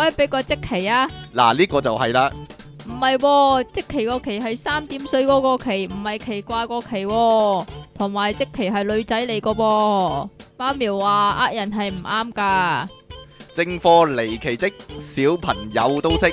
喂，俾個積淇啊！嗱、啊，呢、這個就係啦、哦。唔係，積淇個淇係三點水嗰個淇，唔係奇怪個、哦哦、奇。同埋積淇係女仔嚟個噃。媽咪話呃人係唔啱噶。正課離奇積，小朋友都識。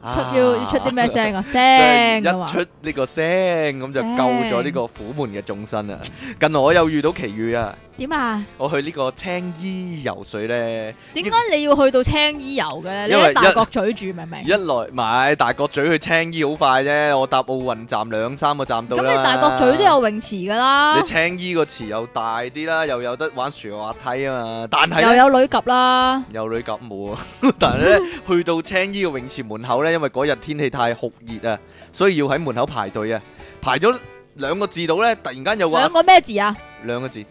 出要要出啲咩聲啊？聲嘅話一出呢個聲咁就救咗呢個虎門嘅眾生啊！近來我又遇到奇遇啊！點啊？我去呢個青衣游水咧，點解你要去到青衣游嘅咧？你喺大角咀住，明唔明？一來嘛大角咀去青衣好快啫，我搭奧運站兩三個站到啦。咁你大角咀都有泳池噶啦？你青衣個池又大啲啦，又有得玩滑梯啊嘛，但係又有女夾啦，有女夾冇啊？但係咧，去到青衣嘅泳池門口咧。因為嗰日天氣太酷熱啊，所以要喺門口排隊啊，排咗兩個字到咧，突然間又話兩個咩字啊？兩個字，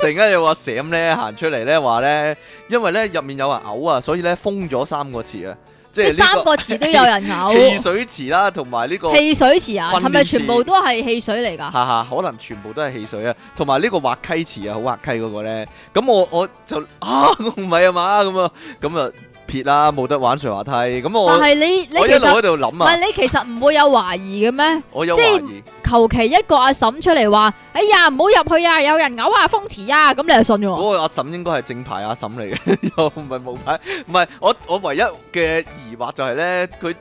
突然間又話蛇咁咧行出嚟咧，話咧，因為咧入面有人嘔啊，所以咧封咗三個字啊，即係三個字都有人嘔。汽水池啦，同埋呢個汽水池啊，係咪全部都係汽水嚟噶？吓吓，可能全部都係汽水啊，同埋呢個滑溪池啊，好滑溪嗰個咧，咁我我就啊，唔係啊嘛，咁啊，咁啊。撇啦，冇得玩水滑梯咁啊！我一路喺度諗啊，唔係你其實唔會有懷疑嘅咩？我有懷疑，即係求其一個阿嬸出嚟話，哎呀，唔好入去啊！有人嘔啊，封池啊！咁你就信啫？嗰個阿嬸應該係正牌阿嬸嚟嘅，又唔係冇牌，唔係我我唯一嘅疑惑就係咧，佢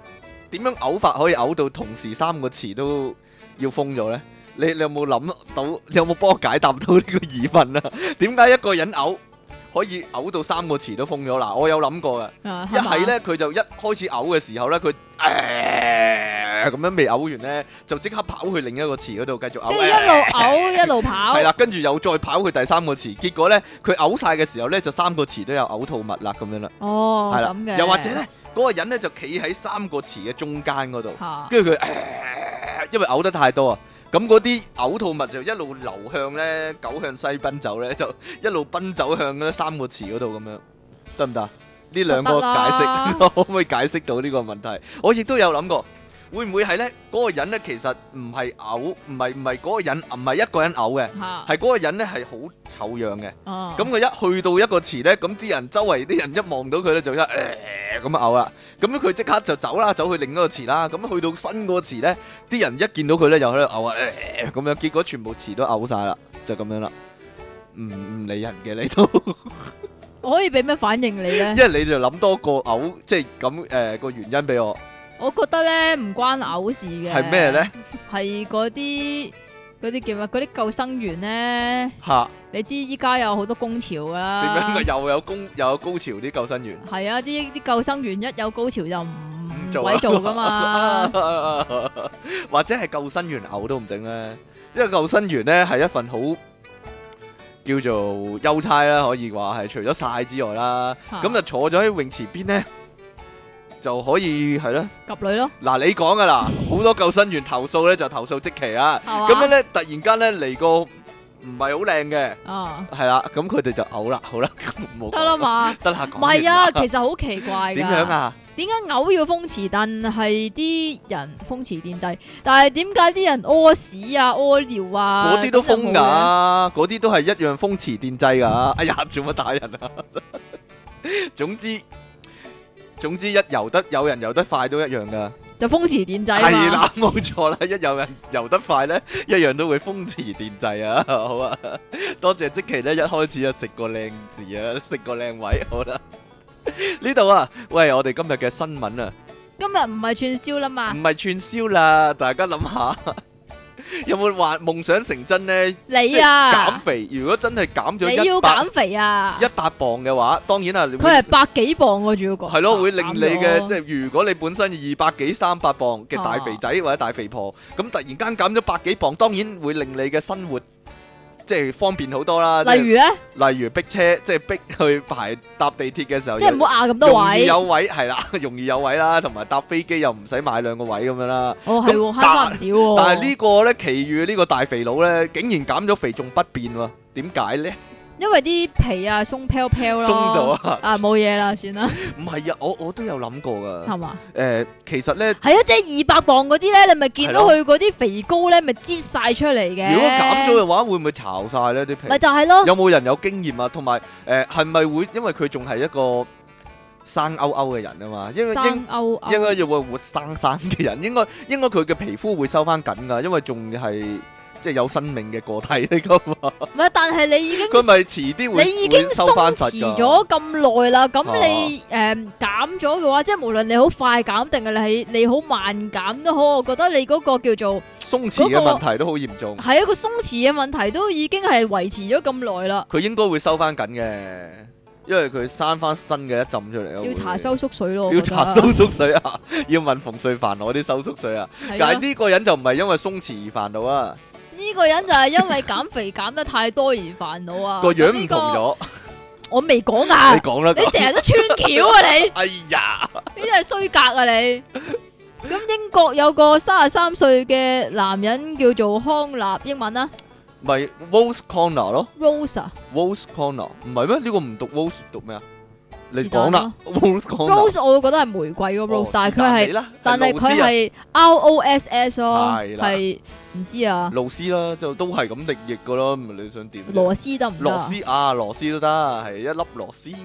點樣嘔法可以嘔到同時三個池都要封咗咧？你你有冇諗到？有冇幫我解答到呢個疑問啊？點解一個人嘔？可以嘔到三個池都封咗啦，我有諗過嘅。啊、一係咧，佢就一開始嘔嘅時候咧，佢呃、咁樣未嘔完咧，就即刻跑去另一個池嗰度繼續嘔。即係一路嘔、呃呃、一路跑。係啦 跟住又再跑去第三個池，結果咧佢嘔晒嘅時候咧，就三個池都有嘔吐物啦，咁樣啦。哦，係啦咁嘅，又或者咧，嗰個人咧就企喺三個池嘅中間嗰度，跟住佢，因為嘔得太多啊。咁嗰啲嘔吐物就一路流向咧，狗向西奔走咧，就一路奔走向咧三個池嗰度咁樣，得唔得？呢兩個解釋 可唔可以解釋到呢個問題？我亦都有諗過。會唔會係咧？嗰個人咧，其實唔係嘔，唔係唔係嗰個人，唔係一個人嘔嘅，係嗰個人咧係好醜樣嘅。哦，咁佢一去到一個池咧，咁啲人周圍啲人一望到佢咧就一咁啊嘔啦！咁樣佢即刻就走啦，走去另一個池啦。咁去到新個池咧，啲人一見到佢咧又喺度嘔啊！咁樣結果全部池都嘔晒啦，就咁樣啦，唔唔理人嘅你都，我可以俾咩反應你咧？因為你就諗多個嘔，即係咁誒個原因俾我。我覺得咧唔關嘔事嘅，係咩咧？係嗰啲啲叫乜？啲救生員咧吓，哈你知依家有好多工潮噶啦，點解又有工又有高潮啲救生員？係啊，啲啲救生員一有高潮就唔做位做噶嘛， 或者係救生員嘔都唔定啦，因為救生員咧係一份好叫做優差啦，可以話係除咗曬之外啦，咁哈就坐咗喺泳池邊咧。就可以係咯，及女咯。嗱，你講噶啦，好多救生員投訴咧，就投訴即期啊。咁樣咧，突然間咧嚟個唔係好靚嘅，啊，係啦，咁佢哋就嘔啦，好啦，得啦嘛，得啦吓。唔係啊，其實好奇怪。點樣啊？點解嘔要風馳？但係啲人風馳電掣，但係點解啲人屙屎啊、屙尿啊？嗰啲都風噶，嗰啲都係一樣風馳電掣噶。哎呀，做乜打人啊？總之。總之一游得有人游得快都一樣噶，就風馳電掣嘛。係啦，冇錯啦，一有人游得快咧，一樣都會風馳電掣啊！好啊，多謝積淇咧，一開始啊食個靚字啊，食個靚位好啦，啊。呢 度啊，喂，我哋今日嘅新聞啊，今日唔係串燒啦嘛，唔係串燒啦，大家諗下。有冇話夢想成真呢？你啊，減肥如果真係減咗，你要減肥啊！一百磅嘅話，當然啊，佢係百幾磅嘅、啊、主要個係咯，會令你嘅了即係如果你本身二百幾三百磅嘅大肥仔或者大肥婆，咁、啊、突然間減咗百幾磅，當然會令你嘅生活。即係方便好多啦。例如咧，例如逼車，即係逼去排搭地鐵嘅時候，即係唔好挜咁多位，有位係啦，容易有位啦，同埋搭飛機又唔使買兩個位咁樣啦。哦，係喎樣，慳翻唔少喎、哦。但係呢個咧，奇遇呢個大肥佬咧，竟然減咗肥仲不便喎，點解咧？因為啲皮啊鬆飄飄咯，鬆咗啊，冇嘢啦，算啦。唔係 啊，我我都有諗過噶。係嘛嗎？誒、呃，其實咧係啊，即係二百磅嗰啲咧，你咪見到佢嗰啲肥膏咧，咪擠晒出嚟嘅。如果減咗嘅話，會唔會巢晒咧啲皮？咪就係咯。有冇人有經驗啊？同埋誒，係、呃、咪會因為佢仲係一個生勾勾嘅人啊嘛歐歐生生人？因為生勾勾應該又會活生生嘅人，應該應該佢嘅皮膚會收翻緊噶，因為仲係。即係有生命嘅個體你噶嘛？唔係，但係你已經佢咪遲啲會你已經鬆弛咗咁耐啦。咁、啊、你誒減咗嘅話，即係無論你好快減定係你你好慢減都好，我覺得你嗰個叫做鬆弛嘅問、那個、問題都好嚴重。係一個鬆弛嘅問題，都已經係維持咗咁耐啦。佢應該會收翻緊嘅，因為佢生翻新嘅一浸出嚟咯。要搽收縮水咯，要搽收縮水啊！要問馮瑞凡攞啲收縮水啊！對呀 但係呢個人就唔係因為鬆弛而煩惱啊！呢個人就係因為減肥減得太多而煩惱啊！個樣唔同咗，我未講啊！ 你講啦，你成日都穿橋啊你！ 哎呀，呢啲係衰格啊你！咁 英國有個三十三歲嘅男人叫做康納，英文啊，咪 Rose Connor 咯，Rose，Rose Rose Connor 唔係咩？呢個唔讀 Rose，讀咩啊？你講啦，rose 我會覺得係玫瑰咯，rose，但係佢係，但係佢係，Ross 咯，係啦，係唔知啊，螺絲啦，就都係咁滴液噶咯，你想點？螺絲得唔得？螺絲啊，螺絲都得，係一粒螺絲，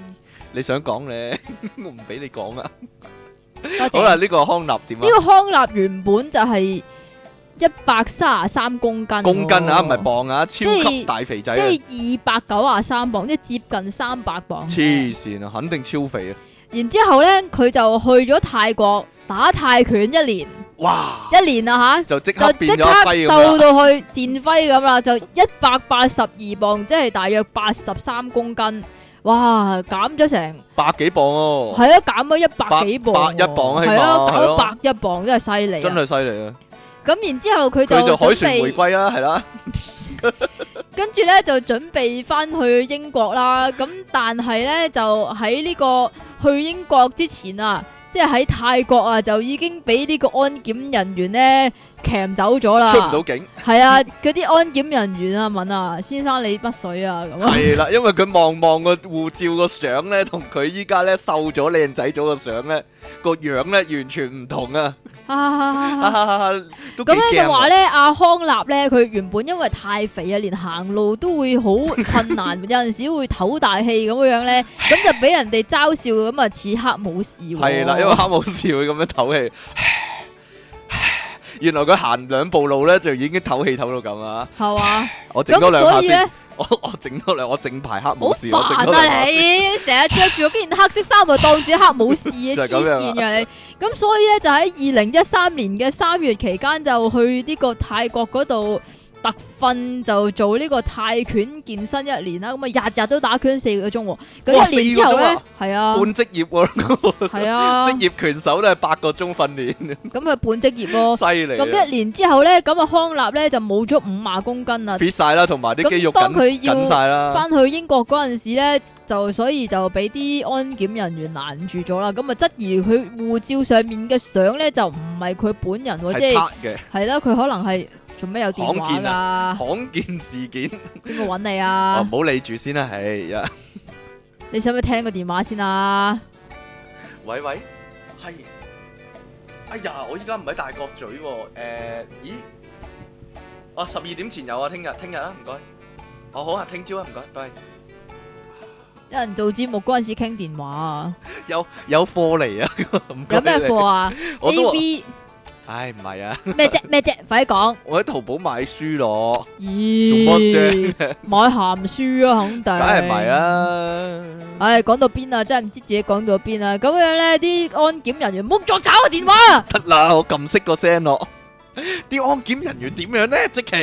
你想講咧，我唔俾你講啊。好啦，呢個康納點啊？呢個康納原本就係。一百三十三公斤，公斤啊，唔係磅啊，超級大肥仔，即係二百九十三磅，即係接近三百磅。黐線啊，肯定超肥啊！然之後咧，佢就去咗泰國打泰拳一年，哇，一年啦、啊、吓、啊，就即刻瘦到去戰輝咁啦，就一百八十二磅，即係大約八十三公斤，哇，減咗成百幾磅哦，係啊，減咗一百幾磅，百一磅係啊，減咗百一磅，真係犀利，真係犀利啊！咁然之後佢就準備就海船回歸啦，係啦， 跟住咧就準備翻去英國啦。咁但係咧就喺呢個去英國之前啊。即係喺泰國啊，就已經俾呢個安檢人員咧攜走咗啦。出唔到境。係啊，嗰啲、啊、安檢人員啊問啊：先生你乜水啊？咁啊。係啦，因為佢望望個護照個相咧，同佢依家咧瘦咗靚仔咗個相咧，個樣咧完全唔同啊。咁咧就話咧，阿康納咧，佢原本因為太肥啊，連行路都會好困難， 有陣時會唞大氣咁樣咧，咁就俾人哋嘲笑。咁啊，此刻冇事喎。係啦。黑武士會咁樣透氣，原來佢行兩步路咧就已經透氣透到咁啊！係嘛，我整多兩下先，我我整多兩，我正牌黑武士。好煩啊你，成日着住件黑色衫咪當住黑武士啊！黐線噶你。咁 所以咧，就喺二零一三年嘅三月期間，就去呢個泰國嗰度。特訓就做呢個泰拳健身一年啦，咁啊日日都打拳四個鐘，咁哇一年之後咧，係啊，啊半職業喎，係啊， 啊職業拳手都係八個鐘訓練。咁啊半職業咯，啊，犀利，啊。咁一年之後咧，咁啊康納咧就冇咗五萬公斤啦，肥曬啦，同埋啲肌肉佢緊曬啦。翻去英國嗰陣時咧，就所以就俾啲安檢人員攔住咗啦，咁啊質疑佢護照上面嘅相咧就唔係佢本人喎，即係係啦，佢可能係。做咩有電話啊？罕見事件，邊個揾你啊？哦，唔好理住先啦，唉呀！你使唔使聽個電話先啊？喂喂，係，哎呀，我依家唔喺大角咀喎。誒，咦？啊，十二點前有啊，聽日聽日啊，唔該。哦，好啊，聽朝啊，唔該，拜。有人做節目嗰陣時傾電話啊？有有貨嚟啊？有咩貨啊？B B。唉，唔係啊！咩啫咩啫，快啲講！我喺淘寶買書咯，咦？做乜啫？買鹹書啊，肯定梗係唔係啦！唉，講到邊啊，真係唔知自己講到邊啊！咁樣咧，啲安檢人員唔好再搞我電話啊！得啦，我撳熄個聲咯。啲安檢人員點樣咧？即其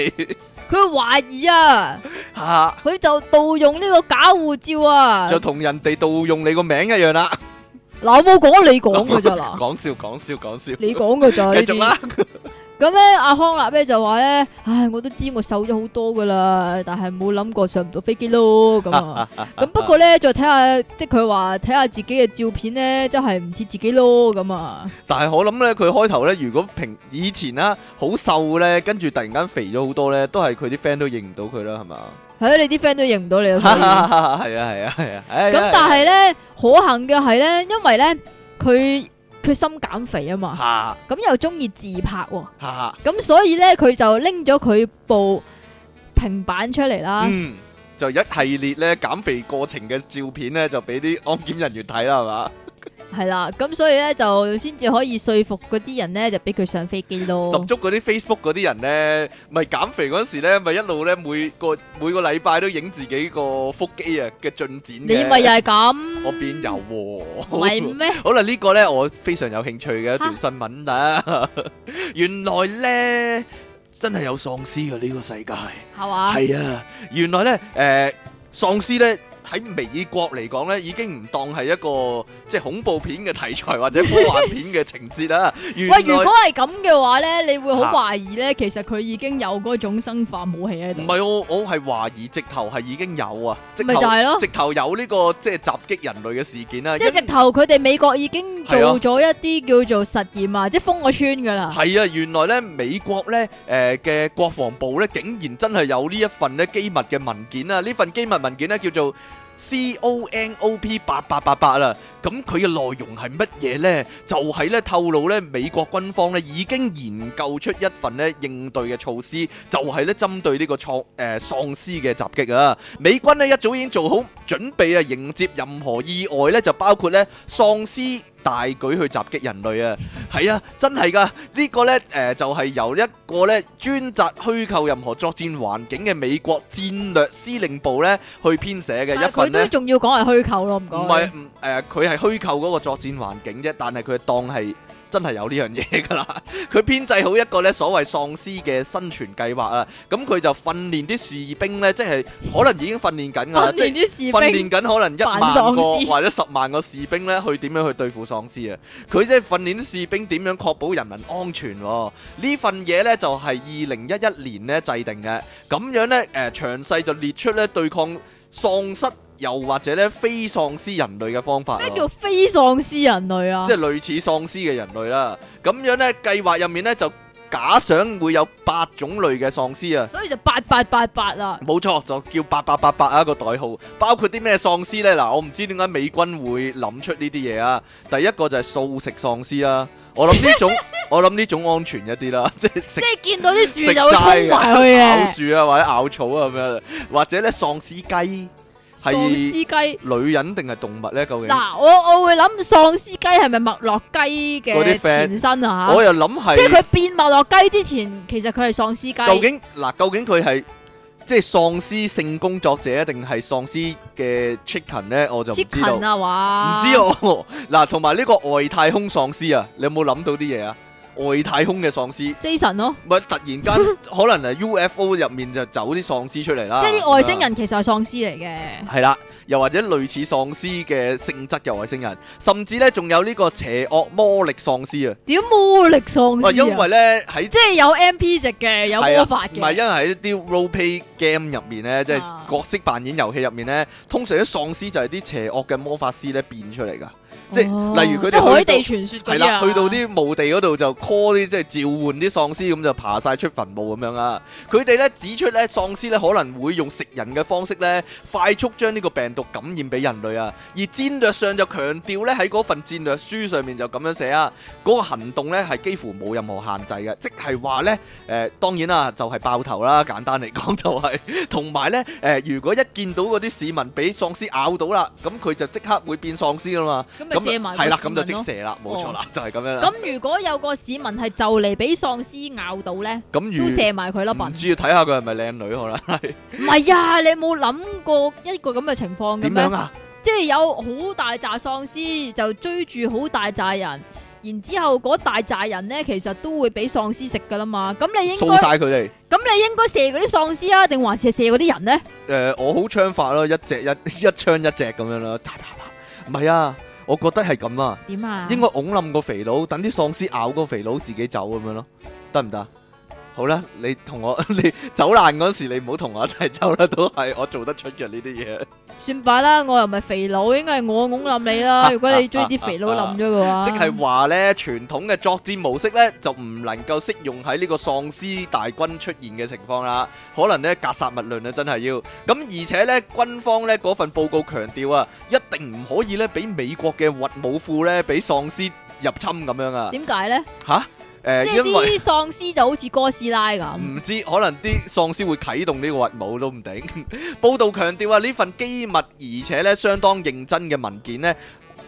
佢懷疑啊，吓！佢就盜用呢個假護照啊，就同人哋盜用你個名一樣啦。嗱，冇講你講噶咋啦？講笑講笑講笑。講笑講笑你講噶咋？你做啦。咁咧 繼續啦，阿康立咧就話咧，唉，我都知我瘦咗好多噶啦，但係冇諗過上唔到飛機咯咁啊。咁 不過咧，再睇下，即係佢話睇下自己嘅照片咧，真係唔似自己咯咁啊。但係我諗咧，佢開頭咧，如果平以前啦，好瘦咧，跟住突然間肥咗好多咧，都係佢啲 friend 都認唔到佢啦，係嘛？係、hey, 琥 ained 啊，你啲 friend 都認唔到你啊！係啊係啊係啊！咁但係咧，可、啊啊啊啊、行嘅係咧，因為咧佢決心減肥啊嘛，咁又中意自拍喎，咁所以咧佢就拎咗佢部平板出嚟啦，就一系列咧減肥過程嘅照片咧就俾啲安檢人員睇啦，係嘛。 係啦，咁所以咧就先至可以說服嗰啲人咧，就俾佢上飛機咯。十足嗰啲 Facebook 嗰啲人咧，咪減肥嗰時咧，咪一路咧每個每個禮拜都影自己個腹肌啊嘅進展。你咪又係咁？我邊有唔係咩？好啦，呢個咧我非常有興趣嘅一條新聞啦。原來咧真係有喪屍呀，呢個世界，係嘛？係啊，原來咧，誒，喪屍咧。喺美國嚟講呢已經唔當係一個即係恐怖片嘅題材或者科幻片嘅情節啦。喂 來，如果係咁嘅話呢你會好懷疑呢，啊、其實佢已經有嗰種生化武器喺度。唔係我我係懷疑，直頭係已經有啊。咪就係咯，直頭有呢、這個即係襲擊人類嘅事件啦。即係直頭，佢哋美國已經做咗一啲叫做實驗啊，即係封個村噶啦。係啊，原來呢美國呢誒嘅、呃、國防部呢，竟然真係有呢一份呢機密嘅文件啊！呢份機密文件呢，叫做。C O N O P 八八八八啦，咁佢嘅內容係乜嘢呢？就係咧透露咧，美國軍方咧已經研究出一份咧應對嘅措施，就係咧針對呢個創誒喪屍嘅襲擊啊！美軍咧一早已經做好準備啊，迎接任何意外咧，就包括咧喪屍。大舉去襲擊人類啊！係 啊，真係㗎呢個呢，誒、呃，就係、是、由一個呢專責虛構任何作戰環境嘅美國戰略司令部呢去編寫嘅一份呢，佢都仲要講係虛構咯，唔該。唔係佢係虛構嗰個作戰環境啫，但係佢當係。真係有呢樣嘢噶啦！佢編制好一個咧所謂喪屍嘅生存計劃啊，咁佢就訓練啲士兵咧，即係可能已經訓練緊啊，即係訓練緊可能一萬個或者十萬個士兵咧，去點樣去對付喪屍啊？佢即係訓練啲士兵點樣確保人民安全？份呢份嘢、就是、呢就係二零一一年咧制定嘅，咁樣呢，誒、呃、詳細就列出呢對抗喪屍。又或者咧，非喪屍人類嘅方法，咩叫非喪屍人類啊？即係類似喪屍嘅人類啦。咁樣咧，計劃入面咧就假想會有八種類嘅喪屍啊。所以就八八八八啦。冇錯，就叫八八八八啊一個代號。包括啲咩喪屍咧？嗱，我唔知點解美軍會諗出呢啲嘢啊。第一個就係素食喪屍啦。我諗呢種， 我諗呢種安全一啲啦。即係即係見到啲樹 的就會衝埋去啊，咬 樹啊，或者咬草啊咁樣，或者咧喪屍雞。喪屍雞，女人定係動物咧？究竟嗱，我我會諗喪屍雞係咪麥樂雞嘅前身啊？我又諗係，即係佢變麥樂雞之前，其實佢係喪屍雞。究竟嗱，究竟佢係即係喪屍性工作者，定係喪屍嘅 chicken 咧？我就唔知 ik 唔知哦，嗱、啊，同埋呢個外太空喪屍啊，你有冇諗到啲嘢啊？外太空嘅喪屍，Jason 咯、啊，唔係突然間可能啊 UFO 入面就走啲喪屍出嚟啦，即係啲外星人其實係喪屍嚟嘅，係啦，又或者類似喪屍嘅性質嘅外星人，甚至咧仲有呢個邪惡魔力喪屍啊，點魔力喪屍、啊？因為咧喺即係有 MP 值嘅有魔法嘅，唔係、啊、因為喺啲 role play game 入面咧，即、就、係、是、角色扮演遊戲入面咧，啊、通常啲喪屍就係啲邪惡嘅魔法師咧變出嚟噶。即係例如佢哋，即係海地傳説，係啦，去到啲墓地嗰度就 call 啲即係召喚啲喪屍，咁就爬晒出墳墓咁樣啊！佢哋咧指出咧喪屍咧可能會用食人嘅方式咧快速將呢個病毒感染俾人類啊！而戰略上就強調咧喺嗰份戰略書上面就咁樣寫啊，嗰個行動咧係幾乎冇任何限制嘅，即係話咧誒當然啦，就係爆頭啦！簡單嚟講就係同埋咧誒如果一見到嗰啲市民俾喪屍咬到啦，咁佢就即刻會變喪屍啊嘛射埋係啦，咁就即射啦，冇錯啦，就係咁樣啦。咁如果有個市民係就嚟俾喪屍咬到咧，咁都射埋佢咯，唔知要睇下佢係咪靚女好啦，可能係。唔係啊，你冇諗過一個咁嘅情況嘅咩？點樣啊？即係有好大紮喪屍就追住好大扎人，然之後嗰大扎人咧，其實都會俾喪屍食噶啦嘛。咁你應該掃晒佢哋。咁你應該射嗰啲喪屍啊，定還射射嗰啲人咧？誒，我好槍法咯，一隻一一槍一隻咁樣咯，唔係啊。我覺得係咁啊，點啊？應該拱冧個肥佬，等啲喪屍咬個肥佬，自己走咁樣咯，得唔得？好啦，你同我你走爛嗰時，你唔好同我一齊走啦，都係我做得出嘅呢啲嘢。算罷啦，我又唔係肥佬，應該係我冧你啦。 如果你追啲肥佬冧咗嘅，即係話呢，傳統嘅作戰模式呢，就唔能夠適用喺呢個喪屍大軍出現嘅情況啦。可能呢，格殺勿論啊，真係要咁。而且呢，軍方呢嗰份報告強調啊，一定唔可以呢，俾美國嘅核武庫呢，俾喪屍入侵咁樣啊。點解呢？吓？誒，即係啲喪屍就好似哥斯拉咁，唔知可能啲喪屍會啟動呢個核武都唔定。 報道強調話呢份機密而且咧相當認真嘅文件咧。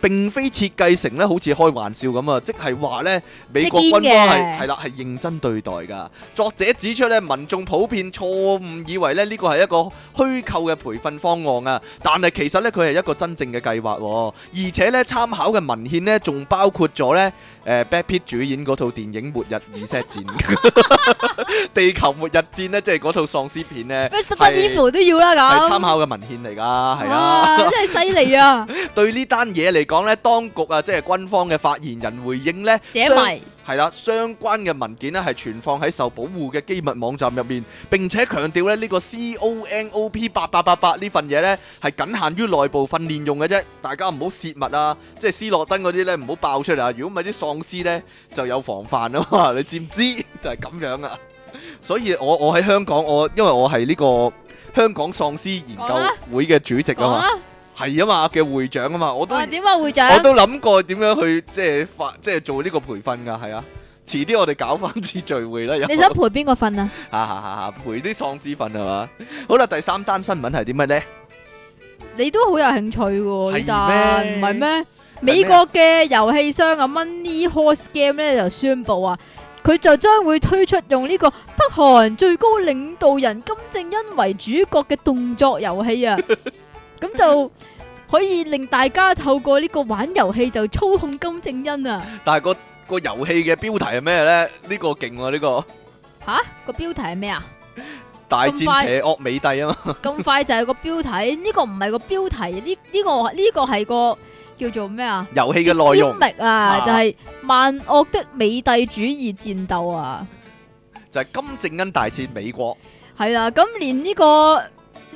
並非設計成咧，好似開玩笑咁啊！即係話咧，美國軍方係係啦，係認真對待㗎。作者指出咧，民眾普遍錯誤以為咧呢個係一個虛構嘅培訓方案啊，但係其實咧佢係一個真正嘅計劃，啊，而且咧參考嘅文獻呢，仲包括咗咧誒，Brad Pitt 主演嗰套電影《末日二殺戰》、《 地球末日戰》呢，即係嗰套喪屍片咧，甚至乎都要啦咁。係參考嘅文獻嚟㗎，係啊！真係犀利啊！對呢單嘢嚟講。講咧當局啊，即係軍方嘅發言人回應呢，係啦迷、啊，相關嘅文件呢係存放喺受保護嘅機密網站入面，並且強調咧呢、呢個 CONOP 八八八八呢份嘢呢係僅限於內部訓練用嘅啫，大家唔好泄密啊，即係斯諾登嗰啲呢，唔好爆出嚟啊，如果唔係啲喪屍呢，就有防範啊嘛，你知唔知 就係咁樣啊？所以我我喺香港，我因為我係呢個香港喪屍研究會嘅主席啊嘛。係啊嘛嘅會長啊嘛，我都點啊會長，我都諗過點樣去即係發即係做呢個培訓噶，係啊，遲啲我哋搞翻次聚會啦。你想陪邊個瞓啊？吓吓吓吓！陪啲喪屍瞓係嘛？好啦，第三單新聞係點樣咧？你都好有興趣噶，但係唔係咩？美國嘅遊戲商啊，Money Horse Game 咧，就宣布啊，佢就將會推出用呢個北韓最高領導人金正恩為主角嘅動作遊戲啊。咁 就可以令大家透過呢個玩遊戲就操控金正恩啊！但係、嗰個遊戲嘅標題係咩咧？呢、這個勁喎、啊，呢、這個吓個、啊、標題係咩啊？ 大戰邪惡美帝啊嘛！咁 快就係個標題？呢、這個唔係個標題，呢、這、呢個呢、這個係、這個，個叫做咩啊？遊戲嘅內容啊，就係、是、萬惡的美帝主義戰鬥啊！就係金正恩大戰美國係啦！咁、 啊、連呢、這個。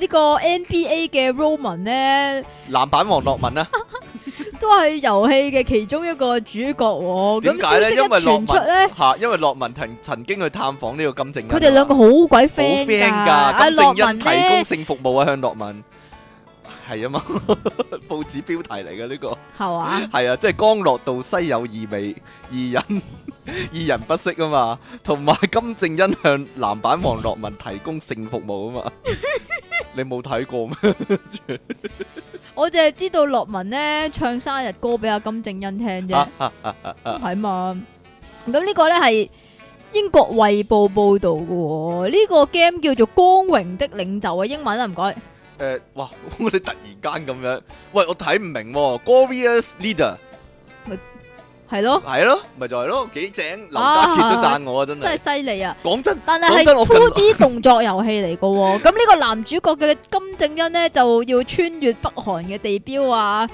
呢個 NBA 嘅 Roman 咧，籃板王洛文啊，都係遊戲嘅其中一個主角。咁點解咧？因為傳出咧吓，因為洛文曾曾經去探訪呢個金正恩，佢哋兩個好鬼 friend 噶。金正恩提供性服務啊，向洛文係啊嘛，報紙標題嚟嘅呢個係啊，係啊，即係江落道西有異味，二人二人不適啊嘛，同埋金正恩向籃板王洛文提供性服務啊嘛。你冇睇過咩？我淨係知道樂文咧唱生日歌俾阿金正恩聽啫，係嘛？咁呢個咧係英國衛報報道嘅，呢個 game 叫做《光榮的領袖》啊，英文，啊唔該。誒，哇！你突然間咁樣，喂，我睇唔明，Glorious Leader。係咯，係咯，咪就係咯，幾正劉家杰都讚我啊，真係！真係犀利啊！講真，但係係 2D 動作遊戲嚟嘅，咁呢個男主角嘅金正恩咧就要穿越北韓嘅地標啊，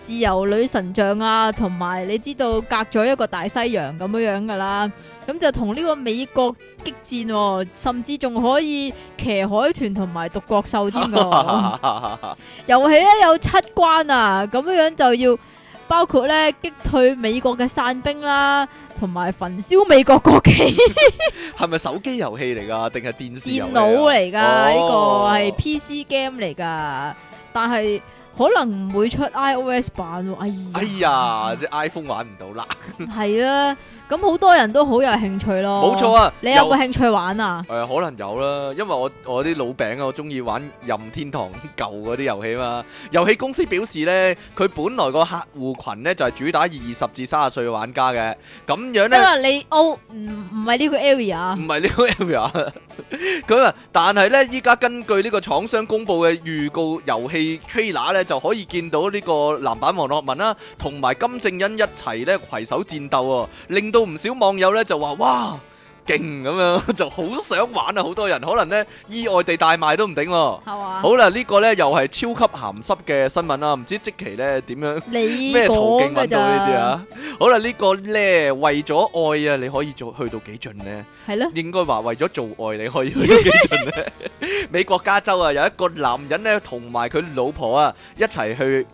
自由女神像啊，同埋你知道隔咗一個大西洋咁樣樣噶啦，咁就同呢個美國激戰，甚至仲可以騎海豚同埋獨角獸添啊！遊戲咧有七關啊，咁樣樣就要。包括咧擊退美國嘅散兵啦，同埋焚燒美國國旗。係 咪 手機遊戲嚟㗎？定係電，電腦嚟㗎？呢、哦、個係 PC game 嚟㗎，但係可能唔會出 iOS 版喎。哎呀，哎呀 即 iPhone 玩唔到啦。係 啊。咁好多人都好有興趣咯，冇錯啊！你有冇有興趣玩啊？誒、呃，可能有啦，因為我我啲老餅啊，我中意玩任天堂舊啲遊戲啊嘛。遊戲公司表示咧，佢本來個客戶群咧就係、是、主打二十至三十歲嘅玩家嘅，咁樣咧。因為你 O 唔唔係呢個 area，唔係呢個 area。咁啊， 但係咧依家根據呢個廠商公布嘅預告遊戲 Trailer 咧，就可以見到呢個籃板王樂文啦、啊，同埋金正恩一齊咧携手戰鬥啊，令到。唔少網友咧就話哇勁咁樣，就好想玩啊！好多人可能咧，意外地大賣都唔定咯。係嘛？好啦，呢個咧又係超級咸濕嘅新聞啦，唔知即期咧點樣咩途徑搵到呢啲啊？好啦，呢個咧為咗愛啊，你可以做去到幾盡咧？係咯？應該話為咗做愛，你可以去到幾盡咧？美國加州啊，有一個男人咧同埋佢老婆啊一齊去。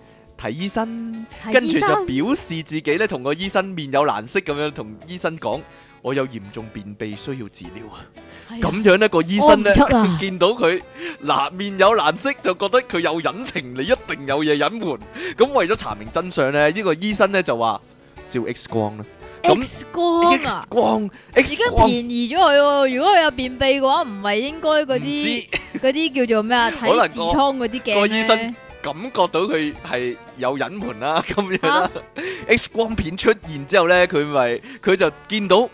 睇醫生，跟住就表示自己咧，同個醫生面有難色咁樣同醫生講，我有嚴重便秘需要治療啊。咁樣呢個醫生咧，見到佢嗱，面有難色，就覺得佢有隱情，你一定有嘢隱瞞。咁為咗查明真相咧，呢個醫生咧就話照 X 光啦。X 光啊！X 光，X 光，而家便宜咗佢。如果佢有便秘嘅話，唔係應該嗰啲、嗰啲叫做咩啊？睇痔瘡嗰啲鏡。感覺到佢係有隱瞞啦，咁樣啦、啊。啊、 X 光片出現之後呢，佢咪佢就見到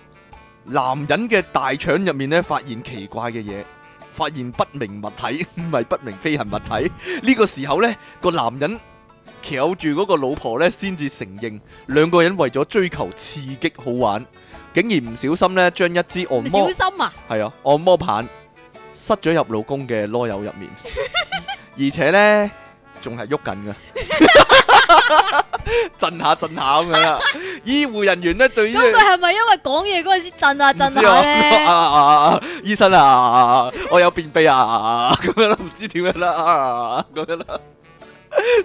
男人嘅大腸入面呢，發現奇怪嘅嘢，發現不明物體，唔係不明飛行物體。呢 個時候呢，個男人翹住嗰個老婆呢，先至承認兩個人為咗追求刺激好玩，竟然唔小心呢將一支按摩，小心啊！係啊，按摩棒塞咗入老公嘅囉柚入面， 而且呢。仲係喐緊嘅，震下震下咁樣。醫護人員咧最咁佢係咪因為講嘢嗰陣時震下震下咧？啊啊醫生啊， 我有便秘啊，咁 樣啦，唔知點樣啦，咁樣啦，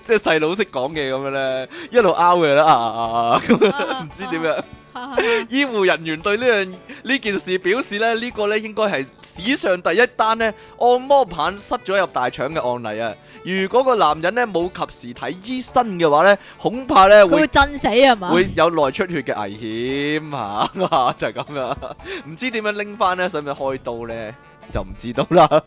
即係細佬識講嘢咁樣咧，一路拗啦！啊啊！t 嘅啦，唔知點樣。 醫護人員對呢樣呢件事表示咧，呢、呢個咧應該係史上第一單咧按摩棒塞咗入大腸嘅案例啊！如果個男人咧冇及時睇醫生嘅話咧，恐怕咧會會震死係嘛，會有內出血嘅危險吓， 就係咁樣，唔知點樣拎翻呢？使唔使開刀呢？就唔知道啦。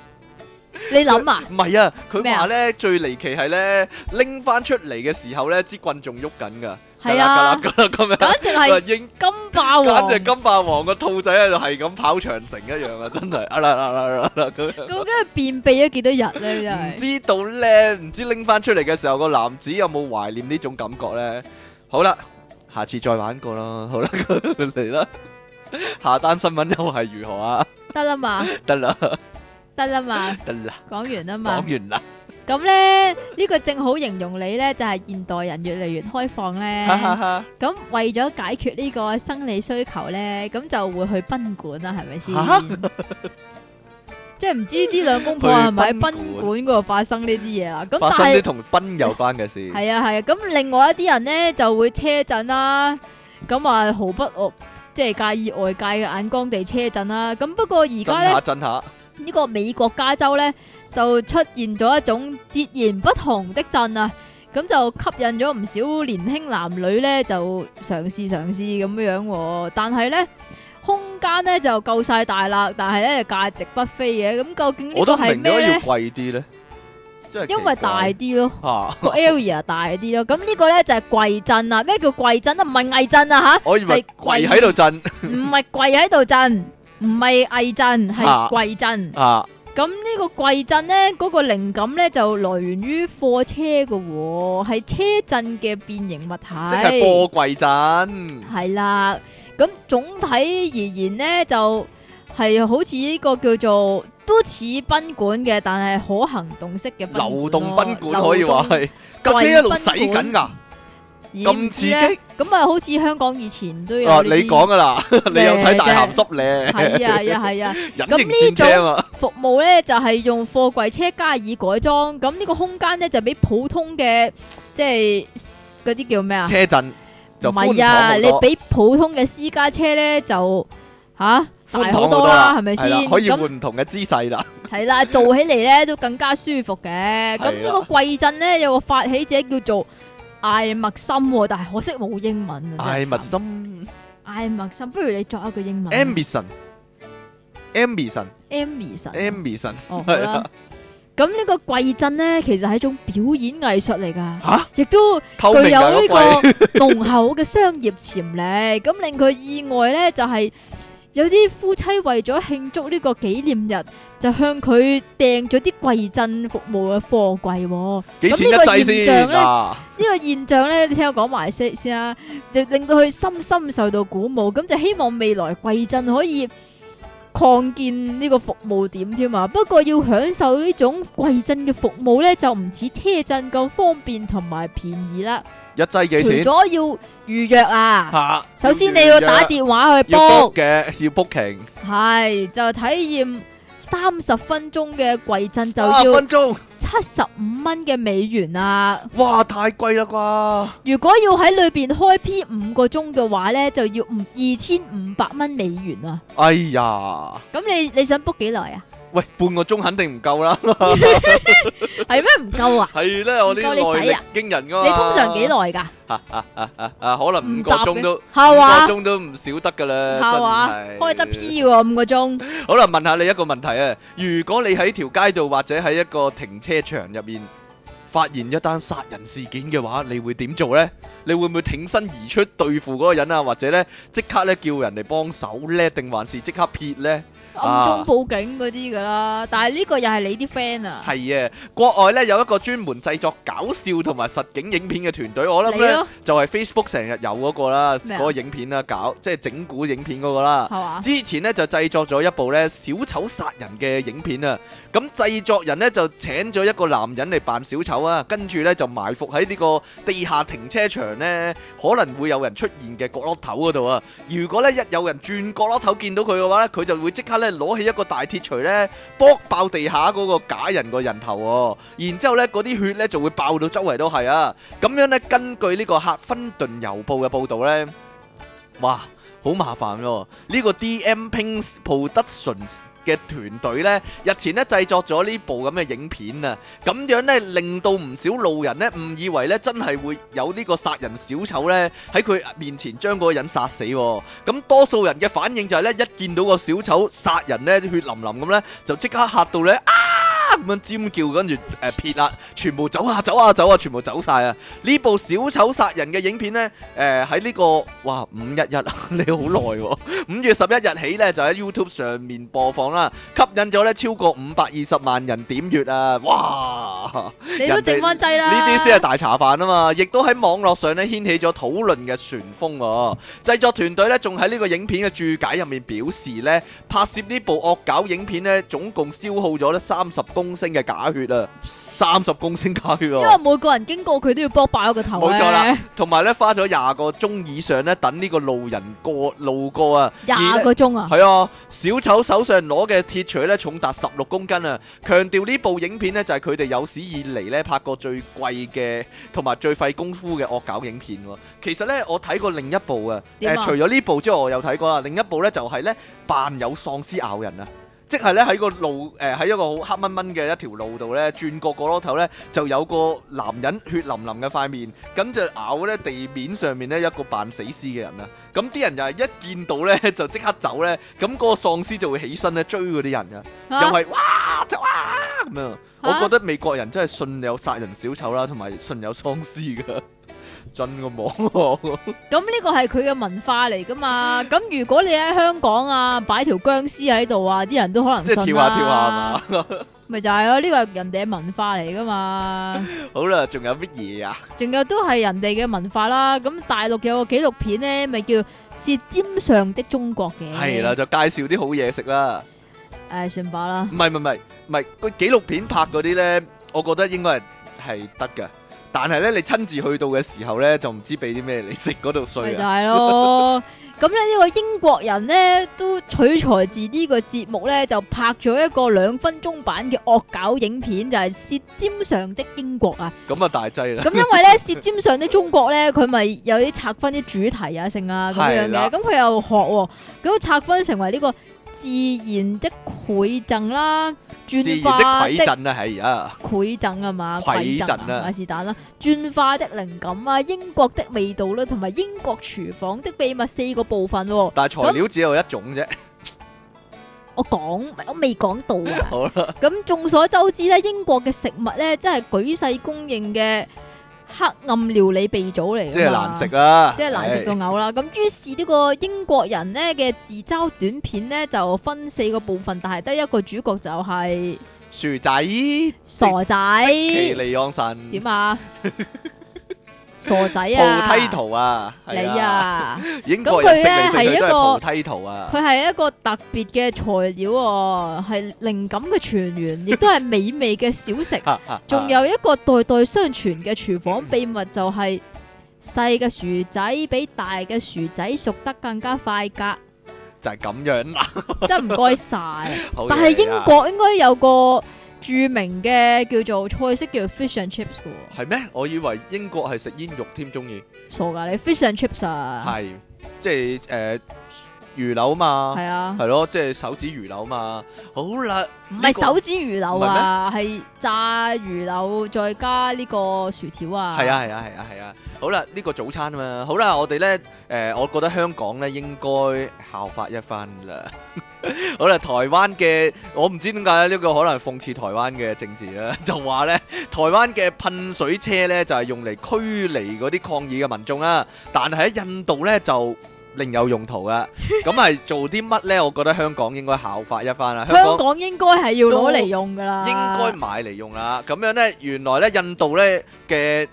你諗啊？唔係 啊，佢話咧最離奇係咧拎翻出嚟嘅時候呢支棍仲喐緊噶。係啊！ 簡直係英金霸王， 簡直金霸王個兔仔喺度係咁跑長城一樣啊！真係啊啦啦啦啦！咁究竟係便秘咗幾多日咧？真係唔知道咧，唔知拎翻出嚟嘅時候個男子有冇懷念呢種感覺咧？好啦，下次再玩過啦！好啦，嚟 啦來吧！ 下單新聞又係如何啊？得啦嘛？得啦 了，得啦嘛？得啦，講完啦嘛？講完啦。咁咧，呢、這個正好形容你咧，就係、是、現代人越嚟越開放咧。咁 為咗解決呢個生理需求咧，咁就會去賓館啦，係咪先？ 即係唔知呢兩公婆係咪喺賓館嗰度發生呢啲嘢？啦，咁 但係同賓有關嘅事。係啊係啊，咁、啊啊、另外一啲人咧就會車震啦、啊，咁啊毫不即係、就是、介意外界嘅眼光地車震啦、啊。咁不過而家咧。震呢個美國加州咧就出現咗一種截然不同的震啊，咁就吸引咗唔少年輕男女咧就嘗試嘗試咁樣樣，但係咧空間咧就夠晒大啦，但係咧價值不菲嘅，咁究竟呢個係咩要貴啲咧？因為大啲咯，個 area 大啲咯，咁呢個咧就係跪震啊！咩叫跪震啊？唔係偽震啊吓，我以為跪喺度震，唔係跪喺度震。唔係偽鎮，係貴鎮。咁、啊、呢、呢個貴鎮咧，嗰個靈感咧就來源於貨車噶、哦，係車鎮嘅變形物體。即係貨櫃鎮。係啦，咁總體而言咧，就係好似呢個叫做都似賓館嘅，但係可行動式嘅、哦、流動賓館，可以話係。架車一路使緊噶。咁刺激，咁啊，好似香港以前都有呢啲。你講噶啦， 你又睇大鹹濕咧。係 啊，係啊，隱啊。咁 呢啊。嗯、種服務咧就係、是、用貨櫃車加以改裝，咁、嗯、呢、這個空間咧就比普通嘅即係嗰啲叫咩啊？車震就寬敞好多，就唔係啊，你比普通嘅私家車咧就吓大好多啦，係咪先？可以換唔同嘅姿勢啦。係啦、 嗯啊，做起嚟咧都更加舒服嘅。咁、啊、 呢個櫃震咧有個發起者叫做。艾默森，但係可惜冇英文。艾默森，艾默森，不如你作一句英文。Ambition，ambition，ambition，ambition。係啦，咁呢個跪震咧，其實係一種表演藝術嚟噶，亦都具有呢個濃厚嘅商業潛力。咁令佢意外咧，就係。有啲夫妻為咗慶祝呢個紀念日，就向佢訂咗啲貴鎮服務嘅貨櫃。咁呢個現象咧，呢 個現象咧，你聽我講埋先先、啊、啦，就令到佢深深受到鼓舞，咁就希望未來貴鎮可以擴建呢個服務點添嘛。不過要享受呢種貴鎮嘅服務咧，就唔似車震夠方便同埋便宜啦。一劑幾錢？除咗要預約啊，啊首先你要打電話去 book 嘅，要 booking。係就體驗三十分鐘嘅跪震，就要七十五蚊嘅美元啊！哇，太貴啦啩！如果要喺裏邊開 P 五個鐘嘅話咧，就要五二千五百蚊美元啊！哎呀，咁你你想 book 幾耐啊？喂，半個鐘肯定唔夠啦，係咩唔夠啊？係咧，我呢耐驚人噶嘛？你通常幾耐噶？啊啊啊啊啊，可能五個鐘都五個鐘都唔少得噶啦，真係開得 P 喎，五個鐘。好啦，問下你一個問題啊，如果你喺條街度或者喺一個停車場入面發現一單殺人事件嘅話，你會點做呢？你會唔會挺身而出對付嗰個人啊？或者呢即刻呢叫人嚟幫手呢，定還是即刻撇呢？暗中報警啲噶啦，但係呢個又係你啲 friend 啊？係啊，國外咧，有一個專門製作搞笑同埋實景影片嘅團隊，我諗咧咯就係 Facebook 成日有嗰個啦，嗰麼影片啦，搞即係整蠱影片嗰個啦。係嘛嗎？之前咧就製作咗一部咧小丑殺人嘅影片啊，咁製作人咧就請咗一個男人嚟扮小丑啊，跟住咧就埋伏喺呢個地下停車場咧可能會有人出現嘅角落頭度啊。如果咧一有人轉角落頭見到佢嘅話咧，佢就會即刻咧。攞起一個大鐵錘咧，剝爆地下嗰個假人個人頭，哦，然之後咧嗰啲血咧就會爆到周圍都係啊！咁樣咧，根據呢個《客芬頓郵報》嘅報道咧，哇，好麻煩囉、哦、呢、這個 D.M. Pink's Productions。嘅團隊咧，日前咧製作咗呢部咁嘅影片啊，咁樣咧令到唔少路人咧誤以為咧真係會有呢個殺人小丑咧喺佢面前將嗰個人殺死喎，啊，咁多數人嘅反應就係咧一見到個小丑殺人咧血淋淋咁呢就即刻嚇到咧啊！咁啊尖叫，跟住誒、呃、撇啦，全部走下、啊、走下、啊、走啊，全部走晒啊！呢部小丑殺人嘅影片呢，誒喺呢個哇五一一啊，11, 你好耐喎，五月十一日起呢，就喺 YouTube 上面播放啦，吸引咗呢超過五百二十萬人點閱啊！哇，你都整翻劑啦，呢啲先係大茶飯啊嘛！亦都喺網絡上呢掀起咗討論嘅旋風、啊。製作團隊呢仲喺呢個影片嘅注解入面表示呢，拍攝呢部惡搞影片呢，總共消耗咗呢三十公升嘅假血啊，三十公升假血喎！因為每個人經過佢都要波爆一個頭、啊，冇錯啦。同埋咧，花咗廿個鐘以上咧，等呢個路人過路過啊，廿個鐘啊，係啊！小丑手上攞嘅鐵錘咧，重達十六公斤啊！強調呢部影片呢，就係佢哋有史以嚟咧拍過最貴嘅，同埋最費功夫嘅惡搞影片咯、啊。其實呢，我睇過另一部啊，啊呃、除咗呢部之外，我有睇過啦。另一部呢，就係、是、呢，扮有喪屍咬人啊！即係咧喺個路誒喺、呃、一個好黑掹掹嘅一條路度咧轉個角落頭咧就有個男人血淋淋嘅塊面咁就咬咧地面上面咧一個扮死屍嘅人啦，咁啲人又係一見到咧就即刻走咧，咁嗰個喪屍就會起身咧追嗰啲人噶、啊、又係哇就哇咁、啊、樣、啊、我覺得美國人真係信有殺人小丑啦同埋信有喪屍噶。真個網絡咁，呢個係佢嘅文化嚟噶嘛？咁如果你喺香港啊，擺條僵屍喺度啊，啲人都可能即係跳下跳下係嘛？咪就係咯，呢個係人哋嘅文化嚟噶嘛？好啦，仲有乜嘢啊？仲有都係人哋嘅文化啦。咁大陸有個紀錄片咧，咪叫舌尖上的中國嘅係啦，就介紹啲好嘢食啦。誒，算吧啦。唔係唔係唔係，個紀錄片拍嗰啲咧，我覺得應該係係得嘅。但係咧，你親自去到嘅時候咧，就唔知俾啲咩你食嗰度衰啊！ 就係咯，咁咧呢個英國人咧都取材自個節呢個節目咧，就拍咗一個兩分鐘版嘅惡搞影片，就係、是《舌尖上的英國》啊！咁啊大劑啦！咁因為咧《舌 尖上的中國呢》咧，佢咪有啲拆分啲主題啊，性啊咁樣嘅，咁佢的又學喎，咁拆分成為呢、這個。自然的饋贈啦，轉化的饋贈啦，係啊，饋贈啊嘛，饋贈啦，是但啦，轉化的靈感啊，英國的味道啦、啊，同埋英國廚房的秘密四個部分、啊。但係材料那只有一種啫 。我講我未講到啊。 好啦、啊，咁眾所周知咧，英國嘅食物咧，真係舉世公認嘅。黑暗料理鼻祖嚟嘅，即係難食啊，即係難食到嘔啦。咁於 是呢個英國人咧嘅自嘲短片咧就分四個部分，但係得一個主角就係、是、薯仔、傻仔、理安神點啊？樣 傻仔啊！葡梯桃啊，你啊，咁佢咧係一個葡啊，佢係 一個特別嘅材料喎、啊，係靈感嘅泉源，亦都係美味嘅小食，仲 有一個代代相傳嘅廚房秘密就係細嘅薯仔比大嘅薯仔熟得更加快㗎，就係咁樣啦、啊， 真係唔該晒！ 啊、但係英國應該有個。著名嘅叫做菜式叫做 fish and chips 噶喎、哦，係咩？我以為英國係食煙肉添，鍾意傻㗎，你 fish and chips 啊，係即係誒。呃魚柳嘛，係啊，係咯，即係手指魚柳嘛，好啦，唔係手指魚柳啊，係炸魚柳再加呢個薯條啊，係啊係啊係啊係啊，好啦，呢個早餐啊嘛，好啦，我哋咧，誒，我覺得香港咧應該效法一番啦， 好啦，台灣嘅，我唔知點解呢個可能係諷刺台灣嘅政治啦，就話咧台灣嘅噴水車咧就係用嚟驅離嗰啲抗議嘅民眾啦，但係喺印度咧就。另有用途噶，咁係 做啲乜呢？我覺得香港應該效法一番啦。香港，香港應該係要攞嚟用噶啦，應該買嚟用啦。咁樣呢，原來呢印度呢嘅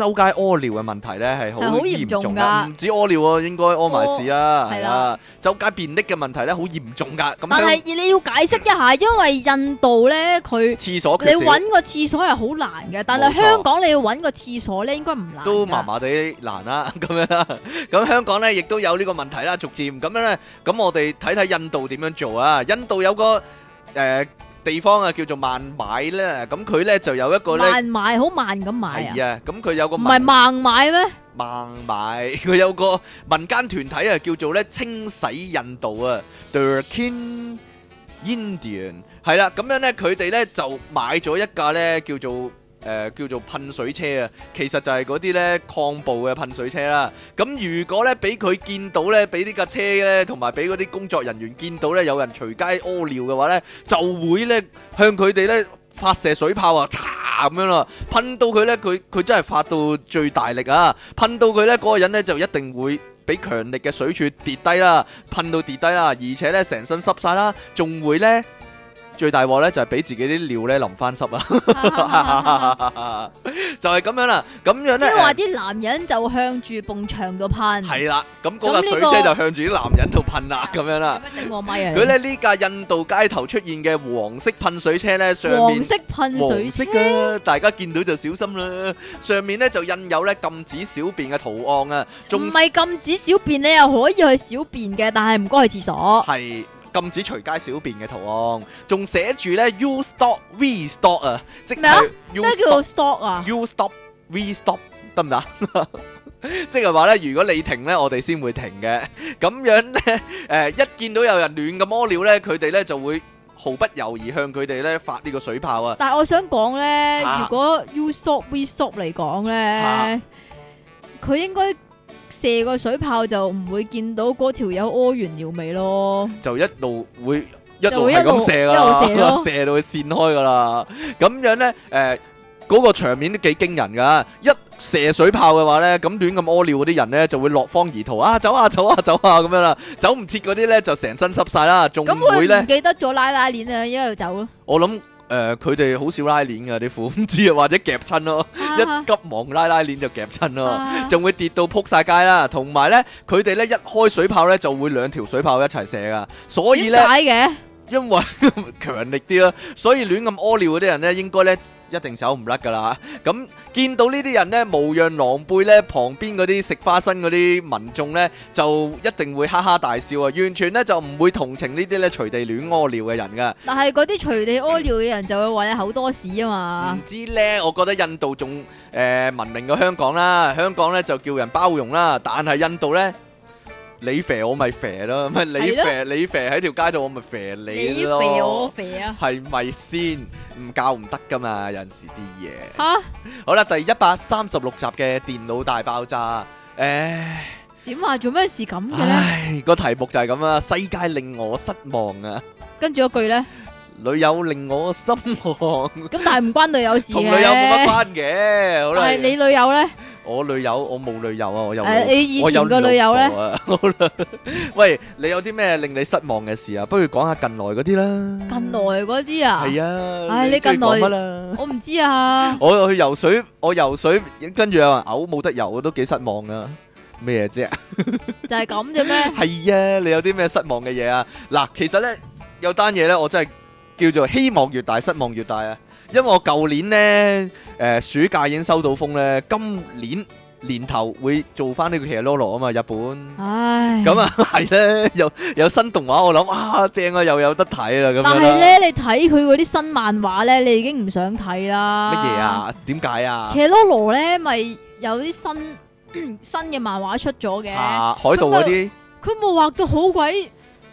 周街屙尿嘅問題咧，係好嚴重噶，唔止屙尿啊，應該屙埋屎啦，係啦我。吧周街便溺嘅問題咧，好嚴重噶。咁但係你要解釋一下，因為印度咧佢，廁所，你揾個廁所係好難嘅，但係香港你要揾個廁所咧，應該唔難。都麻麻地難啦、啊，咁樣啦、啊。咁香港咧亦都有呢個問題啦、啊，逐漸咁樣咧。咁我哋睇睇印度點樣做啊？印度有個誒。呃地方啊叫做慢買咧，咁佢咧就有一個咧，慢買好慢咁買。係啊，咁佢有個唔係盲買咩？盲買佢有個民間團體啊，叫做咧清洗印度啊，The King Indian。係啦，咁樣咧，佢哋咧就買咗一架咧叫做。誒、呃，叫做噴水車啊，其實就係嗰啲呢礦部嘅噴水車啦。咁如果呢俾佢見到呢俾呢架車呢，同埋俾嗰啲工作人員見到呢有人隨街屙尿嘅話呢，就會呢向佢哋呢發射水炮啊，咁樣咯，噴到佢呢，佢佢真係發到最大力啊！噴到佢呢，嗰個人呢就一定會俾強力嘅水柱跌低啦，噴到跌低啦，而且呢成身濕晒啦，仲會呢。最大鑊咧就係、是、俾自己啲尿咧淋翻濕啊！ 就係咁樣啦，咁樣咧，即係話啲男人就向住埲牆度噴。係、嗯、啦，咁嗰架水車就向住啲男人度噴啦，咁、嗯、樣啦。咁樣整我咪啊！佢咧呢架印度街頭出現嘅黃色噴水車咧，上面黃色噴水車，大家見到就小心啦。上面咧就印有咧禁止小便嘅圖案啊。仲唔係禁止小便呢，你又可以去小便嘅，但係唔該去廁所。係。禁止隨街小便嘅圖案，仲寫住咧，You stop, we stop 啊！即係咩叫做 stop 啊？You stop, we stop 得唔得？即係話咧，如果你停咧，我哋先會停嘅。咁樣咧，誒一見到有人亂咁屙尿咧，佢哋咧就會毫不猶豫向佢哋咧發呢個水炮啊！但係我想講咧，如果 You stop, we stop 嚟講咧，佢應該。射個水炮就唔會見到嗰條友屙完尿未咯，就一路會一路咁射一路射，射到佢散開噶啦。咁樣咧，誒、呃，嗰、嗰個場面都幾驚人噶。一射水炮嘅話咧，咁亂咁屙尿嗰啲人咧就會落荒而逃啊，走啊走啊走啊咁樣啦。走唔切嗰啲咧就成身濕晒啦，仲唔會唔記得咗拉拉鏈啊，啊了了奶奶鏈一路走咯。我諗。誒，佢哋好少拉鏈噶啲褲，唔知啊，或者夾親咯，uh huh. 一急忙拉拉鏈就夾親咯，仲、uh huh。會跌到撲晒街啦。同埋咧，佢哋咧一開水炮咧就會兩條水炮一齊射噶，所以咧。因為 強力啲啦，所以亂咁屙尿嗰啲人咧，應該咧一定手唔甩噶啦。咁、嗯、見到呢啲人咧，模樣狼狽呢，旁邊嗰啲食花生嗰啲民眾呢，就一定會哈哈大笑啊！完全呢，就唔會同情呢啲咧隨地亂屙尿嘅人噶。但係嗰啲隨地屙尿嘅人就會話你口多屎啊嘛。唔知呢。我覺得印度仲誒、呃、文明過香港啦，香港呢就叫人包容啦，但係印度呢。你肥我咪肥咯，咪你肥你肥喺條街度，我咪肥你咯。你肥我肥啊，係咪先？唔教唔得噶嘛，有陣時啲嘢。吓，好啦，第一百三十六集嘅電腦大爆炸，誒，點話做咩事咁嘅咧？個題目就係咁啊，世界令我失望啊。跟住嗰句咧，女友令我失望。咁但係唔關女友事嘅。同女友冇乜關嘅，但係你女友咧？我女友，我冇女友啊！我又冇，你以前個女友呢？喂，你有啲咩令你失望嘅事啊？不如講下近來嗰啲啦。近來嗰啲啊？係啊。唉，你近來我唔知啊。我去游水，我游水跟住有人嘔，冇得游，我都幾失望啊。咩啫？就係咁啫咩？係啊，你有啲咩失望嘅嘢啊？嗱，其實咧有單嘢咧，我真係叫做希望越大，失望越大啊！因為我舊年咧，誒、呃、暑假已經收到風咧，今年年頭會做翻呢個《騎樂羅》啊嘛，日本。唉，咁啊係咧，有有新動畫，我諗啊正啊，又有得睇啦。咁樣，但係咧，你睇佢嗰啲新漫畫咧，你已經唔想睇啦。乜嘢啊？點解啊？呢《騎樂羅》咧咪有啲新新嘅漫畫出咗嘅。啊，海盜嗰啲。佢冇畫到好鬼。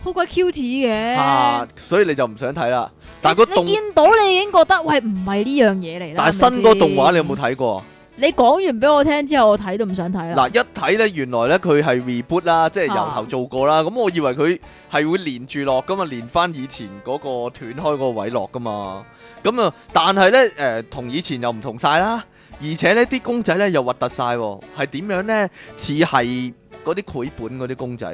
好鬼 cute 嘅，所以你就唔想睇啦。但係個你，你見到你已經覺得喂唔係呢樣嘢嚟啦。但係新個動畫你有冇睇過？嗯、你講完俾我聽之後，我睇都唔想睇啦。嗱、啊、一睇呢，原來呢，佢係 reboot 啦，即係由頭做過啦。咁、啊嗯、我以為佢係會連住落，咁啊連翻以前嗰個斷開個位落噶嘛。咁、嗯、啊，但係呢，誒、呃，同以前又唔同晒啦。而且呢啲公仔呢，又核突曬，係點樣呢？似係。嗰啲繪本嗰啲公仔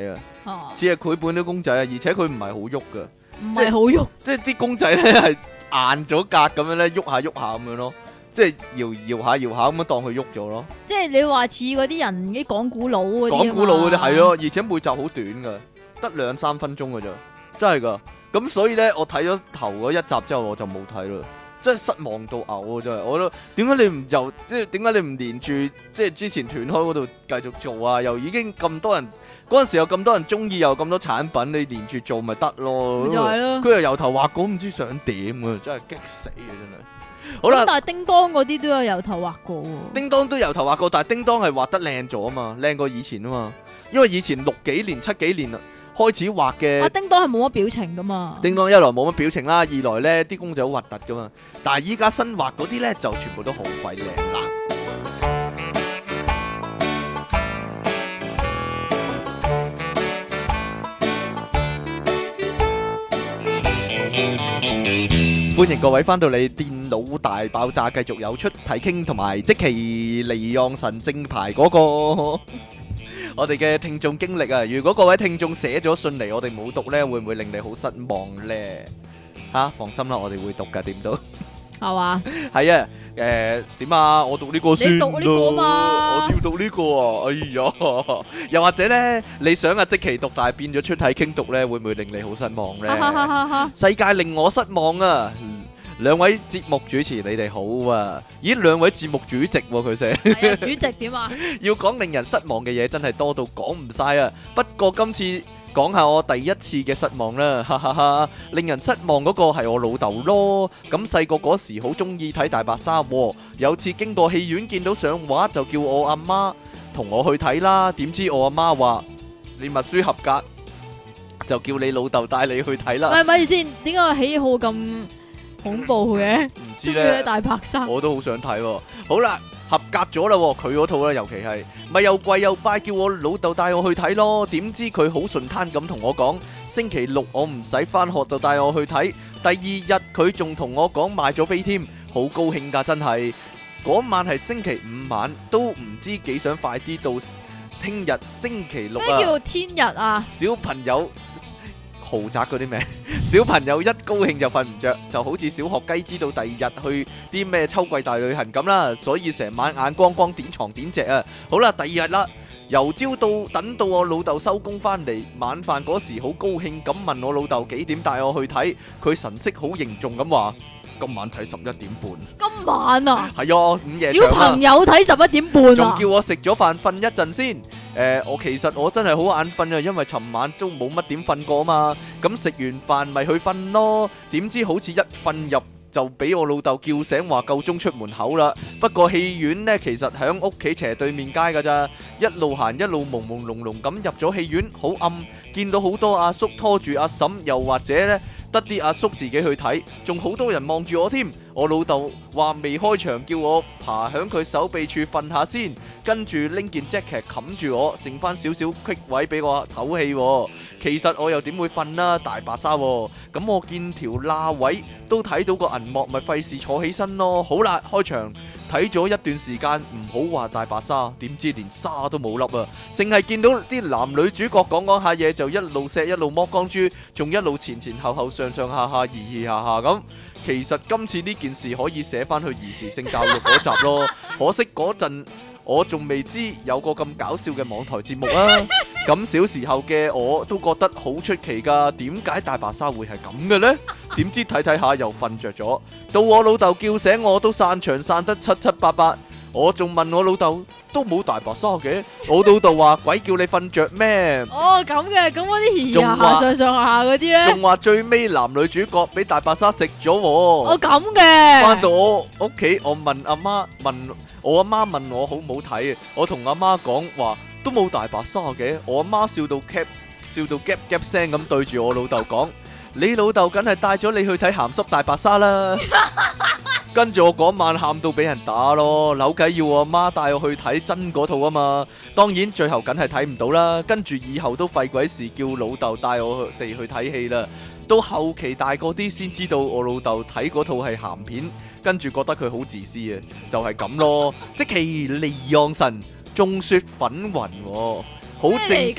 啊，似係繪本啲公仔啊，而且佢唔係好喐噶，唔係好喐，即係啲公仔咧係硬咗格咁樣咧，喐下喐下咁樣咯，即係搖搖下搖下咁樣當佢喐咗咯，即係你話似嗰啲人啲講古佬嗰啲啊嘛，講古佬嗰啲係咯，而且每集好短噶，得兩三分鐘噶咋，真係噶，咁所以咧我睇咗頭嗰一集之後我就冇睇啦。真係失望到嘔啊！真係，我覺得點解你唔由即係點解你唔連住即係之前斷開嗰度繼續做啊？又已經咁多人嗰陣時候又咁多人中意又咁多產品，你連住做咪得咯？咪就係咯。佢又由頭畫過，唔知想點啊！真係激死啊！真係。好啦。但係叮當嗰啲都有由頭畫過喎。叮當都由頭畫過，但係叮當係畫得靚咗啊嘛，靚過以前啊嘛，因為以前六幾年七幾年開始畫嘅，阿叮當係冇乜表情噶嘛？叮當一來冇乜表情啦，二來呢啲公仔好核突噶嘛。但係依家新畫嗰啲呢，就全部都好鬼靚啦。啊、歡迎各位翻到嚟電腦大爆炸，繼續有出體 king 同埋積淇離岸神正牌嗰、那個。 我哋嘅聽眾經歷啊，如果各位聽眾寫咗信嚟，我哋冇讀呢，會唔會令你好失望呢？吓、啊，放心啦，我哋會讀噶，點都係嘛？係 啊，誒、呃，點啊？我讀呢個先你讀呢個嘛？我要讀呢個、啊，哎呀， 又或者呢，你想啊積淇讀，但係變咗出體 King 讀呢，會唔會令你好失望呢？ 世界令我失望啊！嗯兩位節目主持，你哋好啊！咦，兩位節目主席，佢寫主席點啊？要講令人失望嘅嘢，真係多到講唔晒啊！不過今次講下我第一次嘅失望啦，令人失望嗰個係我老豆咯。咁細個嗰時好中意睇大白鯊，有次經過戲院見到上畫，就叫我阿媽同我去睇啦。點知我阿媽話你默書合格，就叫你老豆帶你去睇啦。咪咪住先，點解我喜好咁？恐怖嘅，唔知睇大白鯊。 我都好想睇、哦。好啦，合格咗啦，佢嗰套咧，尤其係咪又貴又快？叫我老豆帶我去睇咯。點知佢好順攤咁同我講，星期六我唔使翻學就帶我去睇。第二日佢仲同我講買咗飛添，好高興噶，真係。嗰晚係星期五晚，都唔知幾想快啲到聽日星期六啊！咩叫天日啊？小朋友。豪宅嗰啲咩？小朋友一高興就瞓唔着，就好似小學雞知道第二日去啲咩秋季大旅行咁啦，所以成晚眼光光點床點席啊！好啦、啊，第二日啦、啊，由朝到等到我老豆收工翻嚟，晚飯嗰時好高興咁問我老豆幾點帶我去睇，佢神色好凝重咁話。今晚睇十一點半。今晚啊，係啊，午夜場啦。小朋友睇十一點半啊，仲叫我食咗飯，瞓一陣先。誒，我其實我真係好眼瞓啊，因為尋晚都冇乜點瞓過嘛。咁食完飯咪去瞓咯。點知好似一瞓入就俾我老豆叫醒，話夠鐘出門口啦。不過戲院呢，其實喺屋企斜對面街㗎咋。一路行一路朦朦朧朧咁入咗戲院，好暗，見到好多阿叔拖住阿嬸，又或者呢，得啲阿叔自己去睇，仲好多人望住我添。我老豆話未開場，叫我爬響佢手臂處瞓下先，跟住拎件 jacket 冚住我，剩翻少少隙位俾我透氣。其實我又點會瞓啦，大白鯊，啊。咁我見條罅位都睇到個銀幕，咪費事坐起身咯。好啦，開場。睇咗一段時間，唔好話大白鯊，點知連沙都冇粒啊！淨係見到啲男女主角講講下嘢，就一路錫一路剝光豬，仲一路前前後後、上上下下，下、二二下下咁。其實今次呢件事可以寫翻去兒時性教育嗰集咯，可惜嗰陣。我仲未知有個咁搞笑嘅網台節目啊！咁小時候嘅我都覺得好出奇㗎，點解大白鯊會係咁嘅呢？點知睇睇下又瞓着咗，到我老豆叫醒我都散場散得七七八八。我仲問我老豆都冇大白鯊嘅，我老豆話鬼叫你瞓着咩？哦咁嘅，咁我啲懸崖上上下嗰啲咧，仲話最尾男女主角俾大白鯊食咗。哦咁嘅。翻到我屋企，我問阿媽問我阿媽問我好唔好睇啊？我同阿媽講話都冇大白鯊嘅，我阿媽笑到 cap 笑到 cap cap 聲咁對住我老豆講。你老豆梗係帶咗你去睇鹹濕大白鯊啦， 跟住我嗰晚喊到俾人打咯，扭計要我媽帶我去睇真嗰套啊嘛，當然最後梗係睇唔到啦，跟住以後都廢鬼事叫老豆帶我哋去睇戲啦，到後期大個啲先知道我老豆睇嗰套係鹹片，跟住覺得佢好自私啊，就係、是、咁咯，積淇離岸神眾說紛紜。好正經，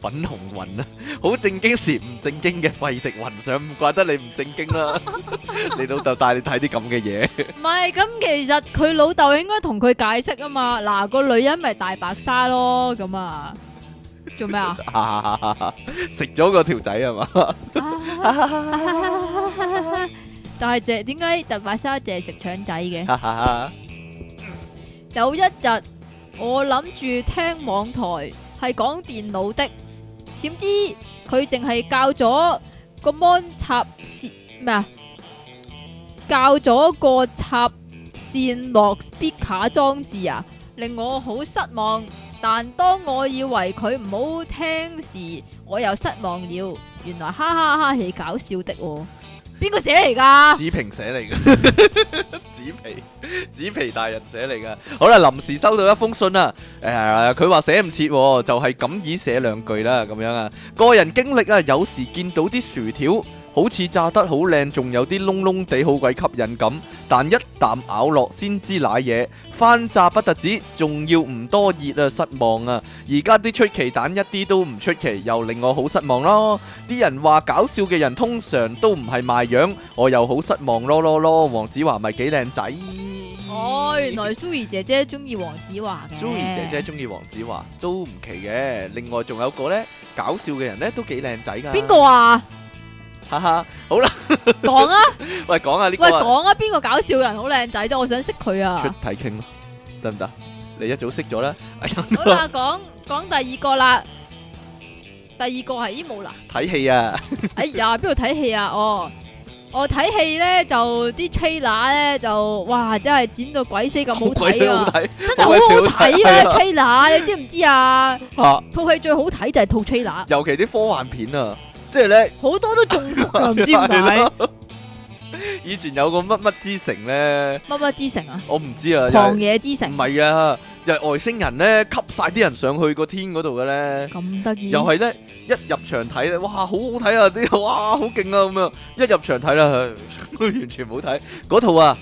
粉紅雲啊！好正經時唔正經嘅廢笛雲上，唔怪得你唔正經啦。你老豆帶你睇啲咁嘅嘢。唔係，咁其實佢老豆應該同佢解釋啊嘛。嗱，個女人咪大白鯊咯，咁啊，做咩啊？食咗個條仔啊嘛！就係只點解大白鯊淨係食腸仔嘅？有一日。我諗住聽網台係講電腦的，點知佢淨係教咗個 mon 插線咩啊？教咗個插線落 speaker 裝置啊，令我好失望。但當我以為佢唔好聽時，我又失望了。原來哈哈哈係搞笑的哦！邊個寫嚟噶？寫紫平寫嚟噶，紫皮紫皮大人寫嚟噶。好啦，臨時收到一封信啊，誒，佢話寫唔切，就係咁意寫兩句啦，咁樣啊，個人經歷啊，有時見到啲薯條。好似炸得好靚，仲有啲窿窿地，好鬼吸引咁。但一啖咬落，先知瀨嘢，翻炸不特止，仲要唔多熱啊！失望啊！而家啲出奇蛋一啲都唔出奇，又令我好失望咯。啲人話搞笑嘅人通常都唔係賣樣，我又好失望咯咯咯。黃子華咪幾靚仔？哦，原來蘇怡姐姐中意黃子華嘅。蘇怡姐姐中意黃子華都唔奇嘅。另外仲有個呢搞笑嘅人呢都幾靚仔噶。邊個啊？哈哈，好啦，講啊，喂，講啊呢個，喂，講啊，邊個搞笑人好靚仔啫？我想識佢啊。出體傾咯，得唔得？你一早識咗啦。好啦，講講第二個啦，第二個係咦，冇啦。睇戲啊！哎呀，邊度睇戲啊？哦，我睇戲咧就啲 trailer 咧就哇真係剪到鬼死咁好睇啊！真係好好睇啊 trailer，你知唔知啊？套戲最好睇就係套 trailer，尤其啲科幻片啊。即係咧，好多都中毒噶，唔知點解？以前有個乜乜之城咧，乜乜之城啊？我唔知啊，狂野之城唔係啊，就外星人咧吸晒啲人上去個天嗰度嘅咧，咁得意？又係咧，一入場睇咧，哇，好好睇啊！啲哇，好勁啊！咁樣一入場睇啦，佢完全冇睇嗰套啊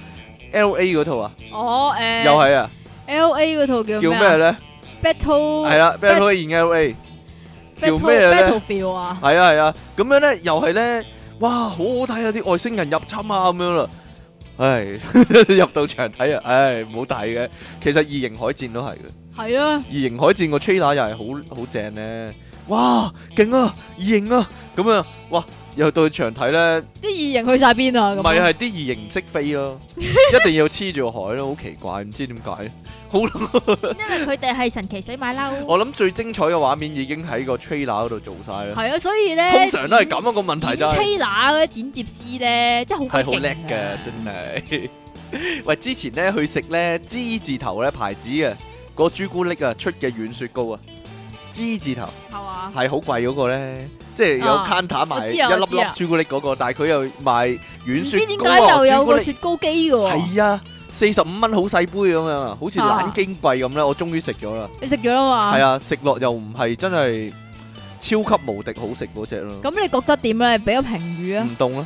，LA 嗰套啊，哦，誒，又係啊，LA 嗰套叫叫咩咧？Battle 係啦，Battle in LA。條咩咧？係啊係啊，咁、啊啊、樣咧又係咧，哇好好睇啊！啲外星人入侵啊咁樣啦，唉 入到場睇啊，唉唔好睇嘅。其實異形海戰都係嘅，係啊。異形海戰個 trailer 又係好好正咧、啊，哇勁啊，異形啊，咁啊，哇又到場睇咧，啲異形去晒邊啊？唔係啊，係啲異形唔識飛咯、啊， 一定要黐住個海咯，好奇怪，唔知點解。好，因為佢哋係神奇水馬騮。 我諗最精彩嘅畫面已經喺個 trailer 嗰度做晒啦。係啊，所以咧通常都係咁一個問題啫、就是。trailer 嗰啲剪接師咧，真係好係好叻嘅，真係。 喂，之前咧去食咧 G 字頭咧牌子嘅、那個朱古力啊，出嘅軟雪糕 G 吧啊，G 字頭係啊，係好貴嗰個咧，即係有攤攤埋一粒粒朱古力嗰、那個，但係佢又賣軟雪糕啊，點解又有個雪糕機嘅？係啊。四十五蚊好細杯咁樣，好似懶矜貴咁咧，我終於食咗啦！你食咗啦嘛？係啊，食落又唔係真係超級無敵好食嗰隻咯。咁你覺得點咧？俾個評語啊！唔凍咯，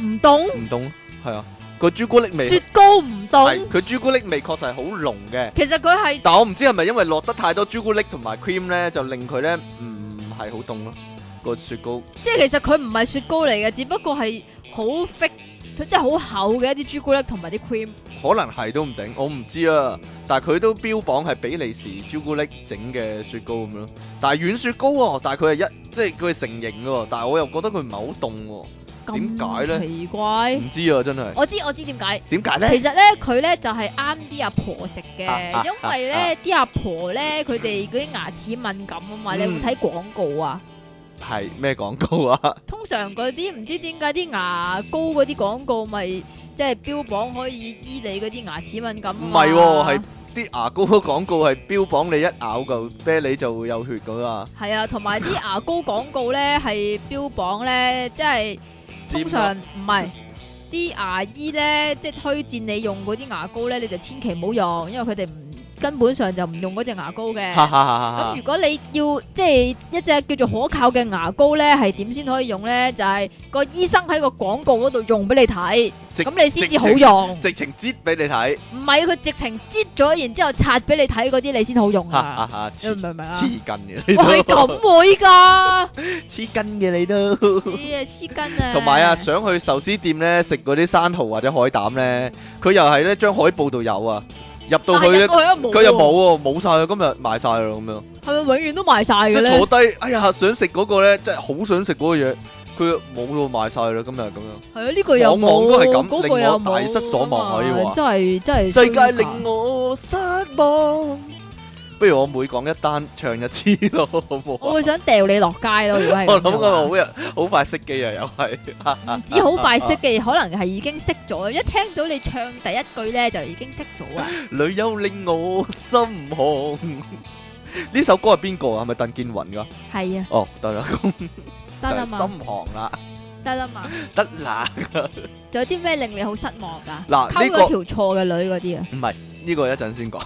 唔凍，唔凍，係啊，個朱古力味雪糕唔凍，佢朱古力味確實係好濃嘅。其實佢係，但我唔知係咪因為落得太多朱古力同埋 cream 咧，就令佢咧唔係好凍咯。個雪糕即係其實佢唔係雪糕嚟嘅，只不過係好 fake。佢真係好厚嘅一啲朱古力同埋啲 cream，可能係都唔定，我唔知啊。但係佢都標榜係比利時朱古力整嘅雪糕咁樣咯。但係軟雪糕喎。啊，但係佢係一即係佢係成形嘅，但係我又覺得佢唔係好凍喎。點解咧？奇怪，唔知啊，真係。我知我知點解。點解咧？其實咧，佢咧就係啱啲阿婆食嘅，啊啊、因為咧啲阿婆咧佢哋嗰啲牙齒敏感啊嘛，嗯、你會睇廣告啊？係咩廣告啊？通常嗰啲唔知點解啲牙膏嗰啲廣告咪即係標榜可以醫你嗰啲牙齒敏感、啊？唔係、哦，係啲牙膏廣告係標榜你一咬就啤你就會有血噶啦。係啊，同埋啲牙膏廣告咧係 標榜咧，即係通常唔係啲牙醫咧，即係推薦你用嗰啲牙膏咧，你就千祈唔好用，因為佢哋。唔。根本上就唔用嗰隻牙膏嘅，咁如果你要即係一隻叫做可靠嘅牙膏呢，係點先可以用呢？就係、是、個醫生喺個廣告嗰度用俾你睇，咁直 你先至好用。直情擠俾你睇，唔係佢直情擠咗，擠然之後刷俾你睇嗰啲，你先好用啊！哈哈 癡，唔明啊？黐筋嘅，你哇，咁會噶？黐筋嘅你都， 黐筋啊！同埋啊，想去壽司店呢，食嗰啲生蠔或者海膽呢，佢又係呢張海報度有啊。入到去咧，佢又冇喎，冇晒啦，今日賣晒啦，咁樣。係咪永遠都賣晒嘅咧？即係坐低，哎呀，想食嗰個咧，即係好想食嗰個嘢，佢冇咯，賣晒啦，今日咁樣。係啊，呢個有望都嗰個又冇。令我大失所望可以話。嗯，真係真係。世界令我失望。不如我每講一單唱一次咯，好唔好？我會想掉你落街咯，如果係。我諗我好日好快熄機啊，又係。唔止好快熄機，可能係已經熄咗。一聽到你唱第一句咧，就已經熄咗啊！女優令我心寒，呢首歌係邊個啊？係咪鄧健雲噶？係啊。哦，得啦，得啦嘛。心寒啦，得啦嘛，得啦啊！仲有啲咩令你好失望噶？嗱，溝咗條錯嘅女嗰啲啊？唔係。呢個一陣先講，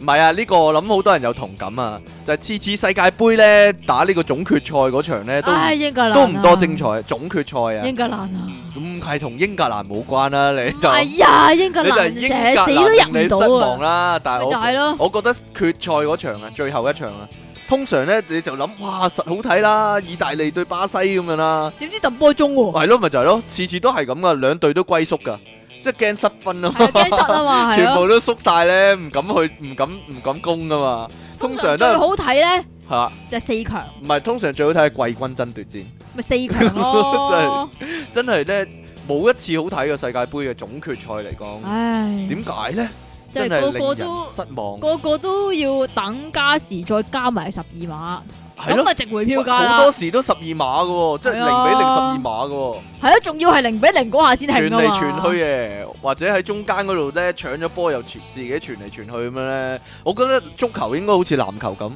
唔係啊！呢、這個我諗好多人有同感啊，就係、是、次次世界盃咧打呢個總決賽嗰場咧都、哎、英格蘭、啊、都唔多精彩，總決賽啊！英格蘭啊，咁係同英格蘭冇關啦、啊，你就係啊、哎！英格蘭，你就英格蘭令你失望啦、啊，但係我我覺得決賽嗰場啊，最後一場啊，通常咧你就諗哇實好睇啦，意大利對巴西咁樣啦、啊，點知揼波鐘喎、啊？係咯，咪就係、是、咯、就是，次次都係咁啊，兩隊都龜縮噶。即係驚失分啊嘛， 全部都縮晒咧，唔敢去，唔敢唔敢攻噶嘛。通常最好睇咧，係啦，就係四強。唔係，通常最好睇係季軍爭奪戰。咪四強咯， 真係真係咧，冇一次好睇嘅世界盃嘅總決賽嚟講。唉，點解咧？即係個個都失望，個個都要等加時再加埋十二碼。係咯，值回票價。好多時都十二碼嘅，即係零比零十二碼嘅。係啊，仲要係零比零嗰下先係啊嘛。傳嚟傳去嘅，或者喺中間嗰度咧，搶咗波又傳自己傳嚟傳去咁樣咧。我覺得足球應該好似籃球咁，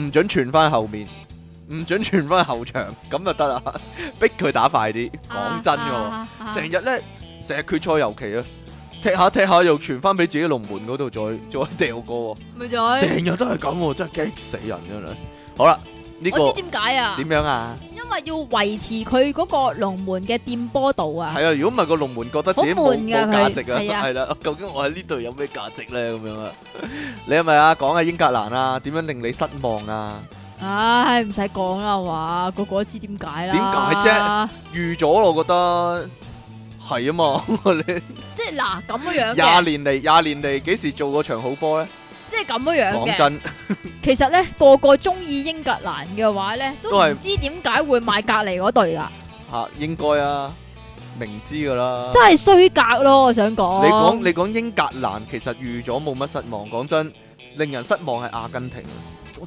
唔准傳翻後面，唔准傳翻後場，咁就得啦。 逼佢打快啲。講、啊、真嘅，成、啊啊啊、日咧，成日決賽尤其啊，踢下踢下又傳翻俾自己龍門嗰度，再再掉個。咪就成日都係咁，真係驚死人嘅咧。好啦，呢、我知點解啊、點樣啊？因為要維持佢嗰個龍門嘅電波度啊。係 啊，如果唔係個龍門覺得自己冇個價值啊？係、啊、 啦，究竟我喺呢度有咩價值咧？咁 樣啊？你係咪啊？講下英格蘭啊？點樣令你失望啊？唉、啊，唔使講啦，話個個都知點解啦。點解啫？預咗咯，我覺得係啊嘛。你即係嗱咁樣樣，廿年嚟廿年嚟，幾時做過場好波咧？即係咁樣樣講真，其實咧個個中意英格蘭嘅話咧，都唔知點解會買隔籬嗰隊噶吓，應該啊，明知噶啦，真係衰格咯，我想講。你講你講英格蘭，其實預咗冇乜失望。講真，令人失望係阿根廷。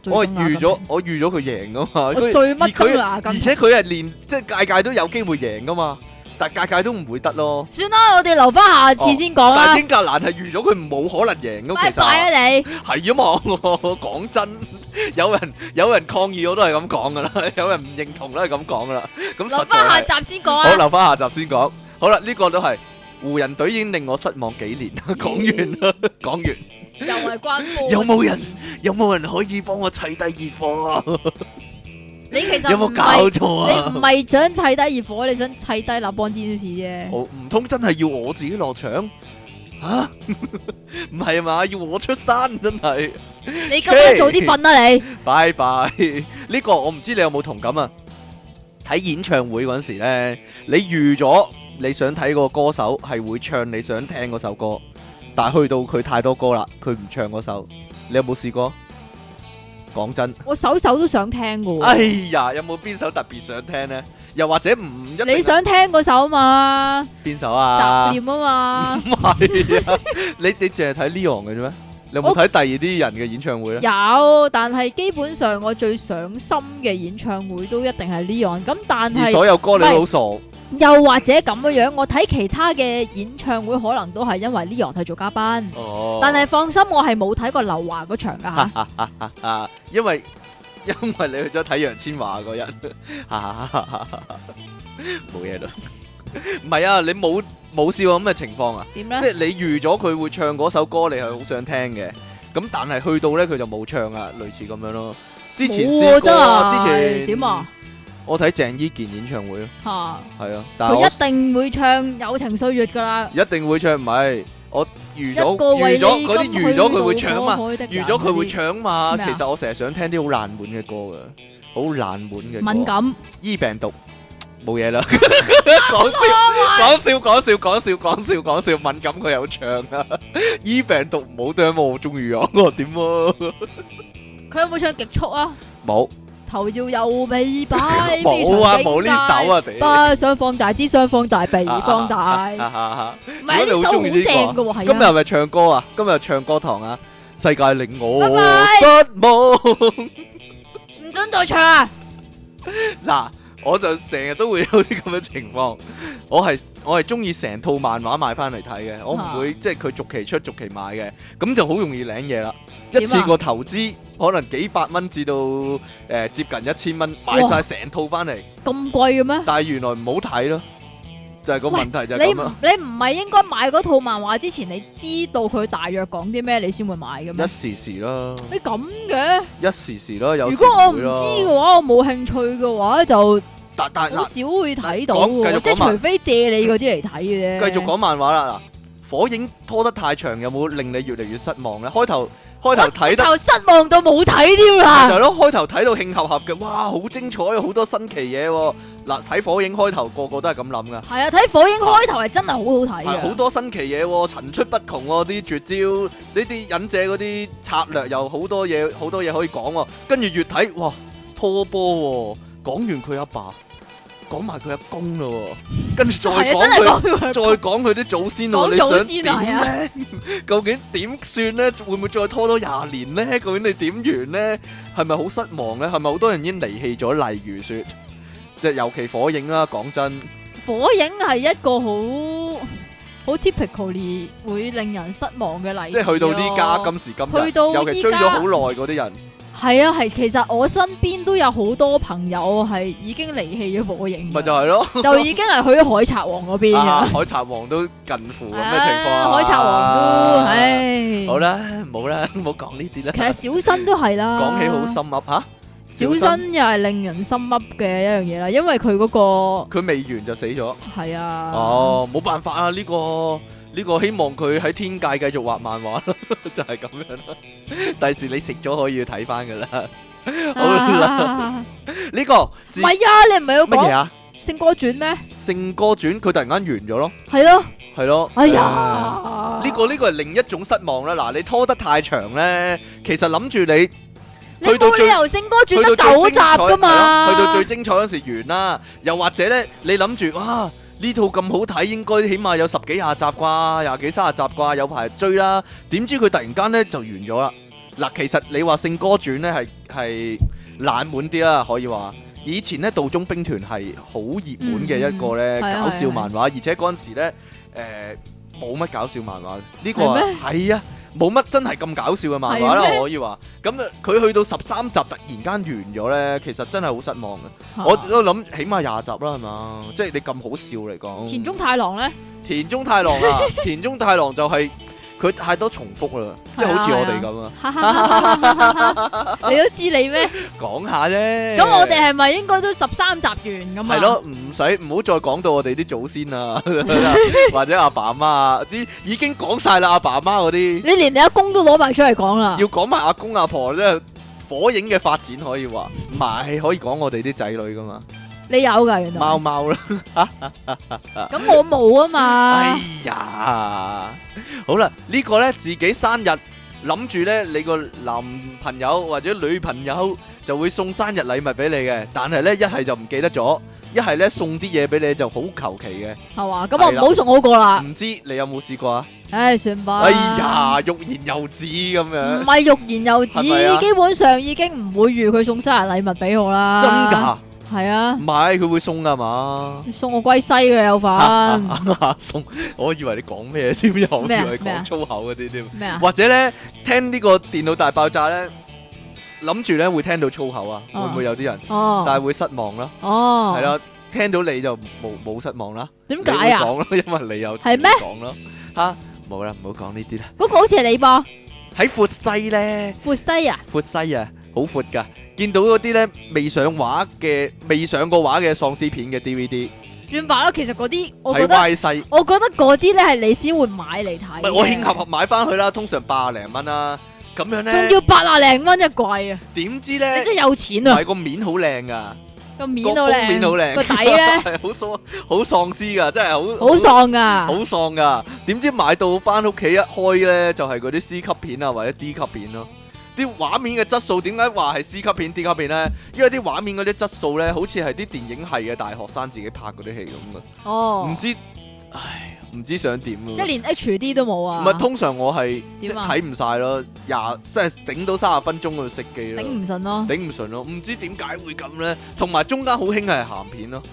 我預咗，我預咗佢贏噶嘛。我最乜憎啊！阿根，而且佢係連即係屆屆都有機會贏噶嘛。但界界都唔會得咯，算啦，我哋留翻下次先講啦。但係英格蘭係預咗佢冇可能贏咁、啊、其實。拜拜啊你！係啊，我講真，有人有人抗議我都係咁講噶啦，有人唔認同都係咁講噶啦。咁留翻下集先講啊。好，留翻下集先講。好啦，呢、呢個都係湖人隊已經令我失望幾年，講完啦， 講完。又係關門。有冇人有冇人可以幫我砌第二波啊？你其實有冇搞錯啊？你唔係想砌低熱火，你想砌低立邦芝士啫。唔通、哦、真係要我自己落場吓？唔係嘛？要我出山真係。你今晚早啲瞓啦，你。拜拜。呢個我唔知你有冇同感啊？睇演唱會嗰陣時咧，你預咗你想睇個歌手係會唱你想聽嗰首歌，但係去到佢太多歌啦，佢唔唱嗰首，你有冇試過？講真，我首首都想聽噶。哎呀，有冇邊首特別想聽咧？又或者唔一？你想聽嗰首嘛？邊首啊？念啊嘛？唔係啊？你你淨係睇 Leon 嘅啫咩？你有冇睇第二啲人嘅演唱會咧？有，但係基本上我最上心嘅演唱會都一定係 Leon。咁但係所有歌你都好傻。又或者咁樣樣，我睇其他嘅演唱會，可能都係因為 Leon 係做嘉賓。哦，但係放心，我係冇睇過劉華嗰場噶吓。啊啊啊啊！因為因為你去咗睇楊千嬅嗰日。哈哈哈！冇嘢咯。唔係啊，你冇冇試過咁嘅情況啊？點咧？即係你預咗佢會唱嗰首歌，你係好想聽嘅。咁但係去到咧，佢就冇唱啊，類似咁樣咯。之前先啊，之前點啊？我睇鄭伊健演唱會咯，吓，係啊，但係佢一定會唱《友情歲月》噶啦，一定會唱唔係？我預咗，預咗，嗰啲預咗佢會唱嘛，預咗佢會唱嘛。其實我成日想聽啲好爛尾嘅歌噶，好爛尾嘅。敏感，醫病毒冇嘢啦，講笑，講笑，講笑，講笑，講笑，講笑。敏感佢有唱啊，醫病毒冇對啊，我好中意啊，我點啊？佢有冇唱《極速》啊？冇。頭要有尾擺，冇 啊，冇呢手啊，想放大，只想放大鼻，放大。唔係，如果好正意呢，今日係咪唱歌啊？今日唱歌堂啊！世界令我失望拜拜，唔 准再唱啊！嗱， 我就成日都會有啲咁嘅情況，我係我係中意成套漫畫買翻嚟睇嘅，我唔會即係佢逐期出逐期買嘅，咁就好容易領嘢啦，一次過投資。樣可能幾百蚊至到誒接近一千蚊，買曬成套翻嚟。咁貴嘅咩？但係原來唔好睇咯，就係個問題就咁咯。你唔你唔係應該買嗰套漫畫之前，你知道佢大約講啲咩，你先會買嘅咩？一時時咯。你咁嘅？一時時咯，有。如果我唔知嘅話，我冇興趣嘅話，就大大好少會睇到嘅，即係除非借你嗰啲嚟睇嘅啫。繼續講漫畫啦。火影拖得太長，有冇令你越嚟越失望咧？開頭開頭睇得，哇，開頭睇得，失望到冇睇添啊！就係咯，開頭睇到慶合合嘅，哇，好精彩，好多新奇嘢喎、啊！嗱，睇火影開頭個個都係咁諗㗎。係啊，睇火影開頭係真係好好睇好多新奇嘢喎、啊，層出不窮喎、啊，啲絕招呢啲忍者嗰啲策略有好多嘢，好多嘢可以講喎、啊。跟住越睇，哇，拖波喎、啊，講完佢阿爸。講埋佢阿公咯，跟住再講佢，再講佢啲祖先咯。你想點咧？究竟點算咧？會唔會再拖多廿年咧？究竟你點完咧？係咪好失望咧？係咪好多人已經離棄咗？例如說，即係尤其火影啦。講真，火影係一個好好 typical 會令人失望嘅例子。即係去到呢家，今時今日，尤其追咗好耐嗰啲人。係啊，係，其實我身邊都有好多朋友係已經離棄咗火影。咪就係咯， 就已經係去咗海賊王嗰邊。啊，海賊王都近乎咁嘅情況，啊。海賊王都，唉。好啦，冇啦，唔好講呢啲啦。 其實小新都係啦。講起好心悒吓，小新又係令人心悒嘅一樣嘢啦，因為佢嗰、嗰個佢未完就死咗。係啊。哦，冇辦法啊，呢、呢個。呢個希望佢喺天界繼續畫漫畫咯，就係咁樣咯。第時你食咗可以睇翻噶啦。好啦，呢個唔係呀，你唔係要講咩啊？《聖歌傳》咩？《聖歌傳》佢突然間完咗咯。係咯，係咯。哎呀，呢個呢個係另一種失望啦。嗱，你拖得太長咧，其實諗住你去到最，冇理由《聖歌傳》得九集噶嘛，去到最精彩嗰時完啦。又或者咧，你諗住哇？呢套咁好睇，應該起碼有十幾廿集啩，廿幾三十集啩，有排追啦。點知佢突然間呢就完咗啦？嗱，其實你話《聖歌傳》呢係係冷門啲啦，可以話。以前呢《道中兵團》係好熱門嘅一個呢、嗯啊、搞笑漫畫，啊啊、而且嗰陣時呢冇乜搞笑漫畫呢、呢個係咩啊。冇乜真係咁搞笑嘅漫畫啦，啊、可以話咁佢去到十三集突然間完咗呢，其實真係好失望嘅。啊、我都諗起碼廿集啦，係嘛？即係你咁好笑嚟講，田中太郎呢？田中太郎啊！田中太郎就係。 佢太多重複啦，即係好似我哋咁啊！啊，你都知你咩？講下啫。咁我哋係咪應該都十三集完咁啊？係咯，唔使唔好再講到我哋啲祖先啊， 或者阿爸媽啊啲已經講晒啦，阿爸媽嗰啲。你連你阿公都攞埋出嚟講啦。要講埋阿公阿婆，即係火影嘅發展可以話，唔係可以講我哋啲仔女噶嘛。你有噶，原來貓貓啦。咁我冇啊嘛。哎呀，好啦，呢個咧自己生日諗住咧，你個男朋友或者女朋友就會送生日禮物俾你嘅，但係咧一係就唔記得咗，一係咧送啲嘢俾你就好求其嘅。係嘛，咁我唔好送好過啦。唔知你有冇試過啊？唉，算吧。哎呀，欲言又止咁樣。唔係欲言又止，基本上已經唔會預佢送生日禮物俾我啦。真噶？係啊，唔係佢會送噶嘛？送我歸西嘅有份。送，我以為你講咩？點解又以為講粗口嗰啲添？或者咧，聽呢個電腦大爆炸咧，諗住咧會聽到粗口啊，會唔會有啲人？哦，但係會失望咯。哦，係啦，聽到你就冇冇失望啦。點解啊？講咯，因為你有講咯。吓，冇啦，唔好講呢啲啦。嗰個好似係你噃，喺闊西咧。闊西啊！闊西啊！好闊噶，見到嗰啲咧未上畫嘅、未上過畫嘅喪屍片嘅 DVD 轉把啦，其實嗰啲我覺得歪細，我覺得嗰啲咧係你先會買嚟睇。我慶合合買翻去啦，通常八廿零蚊啦，咁樣咧仲要八廿零蚊，真係貴啊！點、啊、知咧你真係有錢啊！係個面好靚噶，個面好靚，個，面個底咧 好喪好喪屍噶，真係好好喪噶，好喪噶！點知買到翻屋企一開咧，就係嗰啲 C 級片啊，或者 D 級片咯、啊。啲畫面嘅質素點解話係 C 級片 D 級片咧？因為啲畫面嗰啲質素咧，好似係啲電影系嘅大學生自己拍嗰啲戲咁嘅。哦，唔知，唉，唔知想點喎。即係連 HD 都冇啊！唔係，通常我係即睇唔晒咯，廿即係頂到三十分鐘去個熄機咯。頂唔順咯！頂唔順咯！唔知點解會咁咧？同埋中間好興係鹹片咯。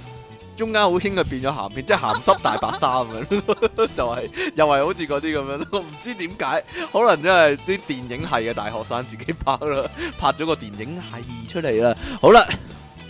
中間好輕就變咗鹹片，即係鹹濕大白衫啊！ 就係、是、又係好似嗰啲咁樣，我唔知點解，可能真係啲電影系嘅大學生自己拍啦，拍咗個電影係出嚟啦。好啦，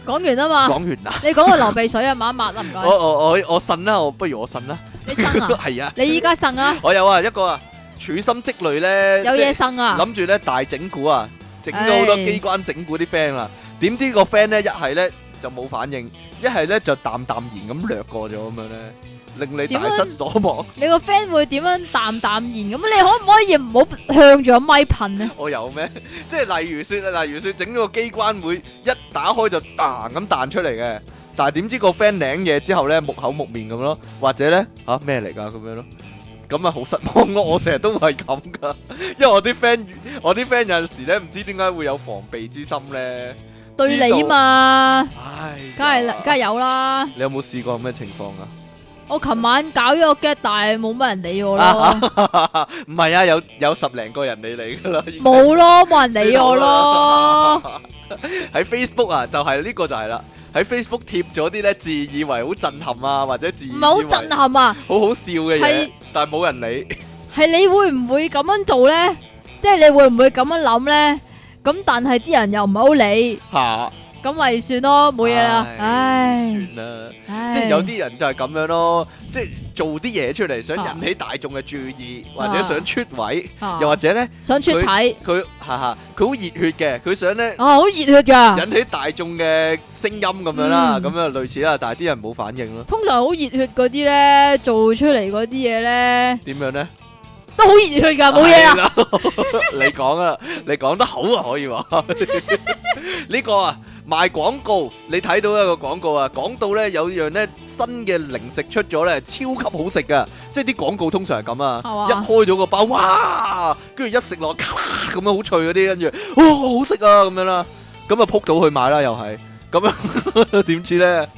講完啊嘛，講完啦，你講個流鼻水啊，抹一抹啦，唔該。我我我我信啦，我，我，我，我不如我信啦，你信啊？係 是啊你，你依家信啊？我有啊，一個啊，處心積慮咧，有嘢信啊，諗住咧大整蠱啊，整咗好多機關整蠱啲 friend 啦，點、哎、知個 friend 咧一係咧。就冇反應，一係咧就淡淡然咁掠過咗咁樣咧，令你大失所望。你個 friend 會點樣淡淡然咁？你可唔可以唔好向住個咪噴咧？我有咩？即係例如說，例如說整咗個機關會一打開就彈咁彈出嚟嘅。但係點知個 friend 領嘢之後咧，木口木面咁咯，或者咧吓咩嚟噶咁樣咯？咁啊好失望咯！我成日都係咁噶，因為我啲 friend，我啲 friend 有陣時咧唔知點解會有防備之心咧。對你嘛，梗係啦，梗係有啦。你有冇試過咩情況啊？我琴晚搞咗個 gag，但係冇乜人理我咯。唔係 啊哈哈哈哈，有有十零個人理你噶啦。冇咯，冇人理我， 知道 我咯。喺 Facebook 啊，就係、是、呢個就係啦。喺 Facebook 貼咗啲咧，自以為好震撼啊，或者自唔係好震撼啊，好好笑嘅嘢，是但係冇人理。係你會唔會咁樣做咧？即係你會唔會咁樣諗咧？ 咁但係啲人又唔好理，吓，咁咪算咯，冇嘢啦，唉，算啦，即係有啲人就係咁樣咯，即係做啲嘢出嚟，想引起大眾嘅注意，或者想出位，又或者咧想出體，佢，哈哈，佢好熱血嘅，佢想咧，啊，好熱血噶，引起大眾嘅聲音咁樣啦，咁樣類似啦，但係啲人冇反應咯。通常好熱血嗰啲咧，做出嚟嗰啲嘢咧，點樣咧？都好熱血噶，冇嘢 啊！你講 啊，你講得好啊，可以喎。呢個啊賣廣告，你睇到一個廣告啊，講到咧有樣咧新嘅零食出咗咧，超級好食噶。即係啲廣告通常係咁啊，啊一開咗個包，哇！跟住一食落，咁樣脆好脆嗰啲，跟住哇好食啊咁樣啦。咁啊撲到去買啦，又係咁樣點知咧，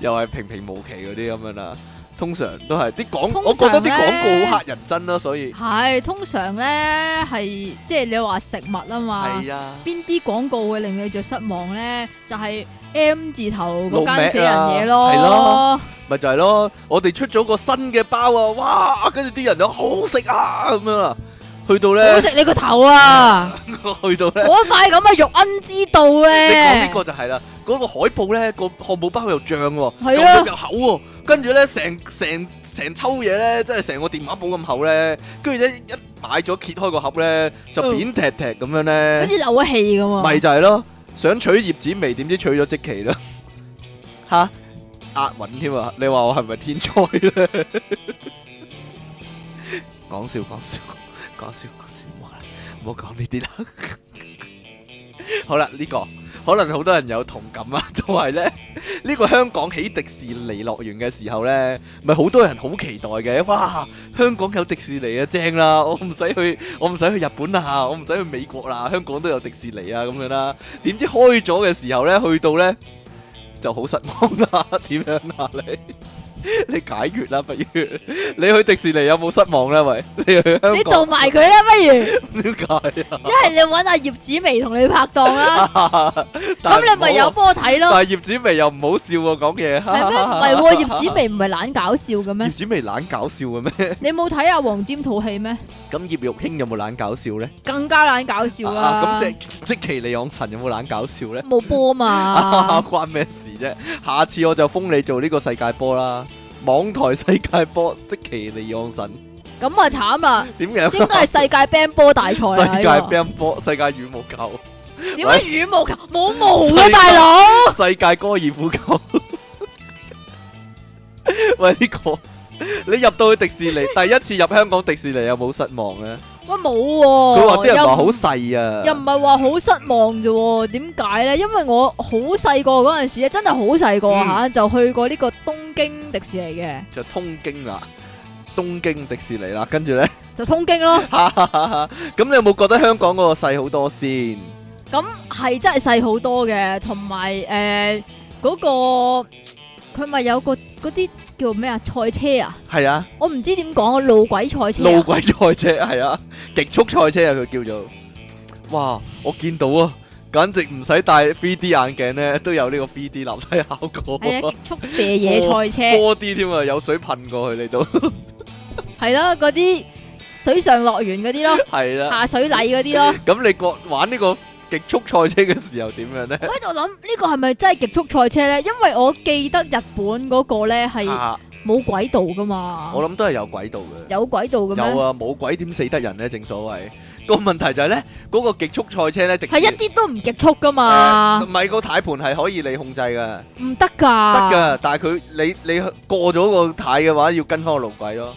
又係平平無奇嗰啲咁樣啦、啊。通常都係啲廣告，我覺得啲廣告好嚇人真咯、啊，所以係通常咧係即係你話食物啊嘛，邊啲、啊、廣告會令你最失望咧？就係、是、M 字頭嗰間寫人嘢咯，咪、啊啊、就係、是、咯、啊，我哋出咗個新嘅包啊，哇！跟住啲人就好好食啊，咁樣啊。去到咧，食你個頭啊！我 去到咧呢，嗰塊咁嘅玉恩之道咧、啊，你講呢個就係啦。嗰、嗰個海報咧，個漢堡包又脹喎，又厚喎。跟住咧，成成成抽嘢咧，真係成個電話簿咁厚咧。跟住咧，一買咗揭開個盒咧，就扁踢踢咁樣咧，好似漏咗氣咁！咪就係咯，想取葉子味，點知取咗即期咯？吓 ，押韻添啊！你話我係咪天才咧？講笑講笑。講笑講笑，唔好啦，唔好講呢啲啦。 好啦，呢、這個可能好多人有同感啊，就係、是、呢，呢、這個香港起迪士尼樂園嘅時候咧，咪好多人好期待嘅。哇，香港有迪士尼啊，正啦，我唔使去，我唔使去日本啦，我唔使去美國啦，香港都有迪士尼啊，咁樣啦。點知開咗嘅時候呢，去到呢，就好失望啦，點樣啊你？ 你解決啦，不如你去迪士尼有冇失望咧？喂，你去香港你做埋佢啦，不如點解啊？一係你揾阿葉子薇同你拍檔啦，咁你咪有波睇咯。但係葉子薇又唔好笑喎，講嘢係咩？唔係葉子薇唔係懶搞笑嘅咩？葉子薇懶搞笑嘅咩？ 你冇睇阿黃沾套戲咩？咁葉玉卿有冇懶搞笑咧，啊？更加懶搞笑啦！咁即即其李昂陳有冇懶搞笑咧？冇波嘛， 關咩事啫，啊？下次我就封你做呢個世界波啦！網台世界波積淇離岸神，咁啊慘啦！點解樣應該係世界兵波大賽啊？ 世界兵波，世界羽毛球。點解怎樣 喂羽毛球冇毛嘅、啊、界大佬哥？世界哥爾夫球。 喂，呢、這個 你入到去迪士尼， 第一次入香港迪士尼有冇失望啊？冇，佢話啲人話好細啊，又唔係話好失望啫啊，點解咧？因為我好細個嗰陣時咧，真係好細個啊，就去過呢個東京迪士尼嘅，就通京啦，東京迪士尼啦，跟住咧就通京咯。咁 你有冇覺得香港嗰個細好多先？咁係真係細好多嘅，同埋誒嗰個佢咪有個嗰啲。叫咩啊？賽車啊？係啊！我唔知點講啊，路軌賽車，路軌賽車，係啊，極速賽車啊，佢叫做。哇！我見到啊，簡直唔使戴 3D 眼鏡咧，都有呢個 3D 立體效果。係啊，極速射野賽車。多啲添啊，有水噴過去你都。係咯，嗰啲水上樂園嗰啲咯，係啦，下水禮嗰啲咯。咁你過玩呢個？極速賽車嘅時候點樣咧？我喺度諗呢個係咪真係極速賽車咧？因為我記得日本嗰個咧係冇軌道噶嘛。我諗都係有軌道嘅。有軌道嘅咩？有啊，冇軌點死得人咧？正所謂。個問題就係咧，嗰個極速賽車咧係一啲都唔極速噶嘛。唔係個軚盤係可以你控制嘅。唔得噶。得噶，但係佢你你過咗個軚嘅話，要跟翻個路軌咯。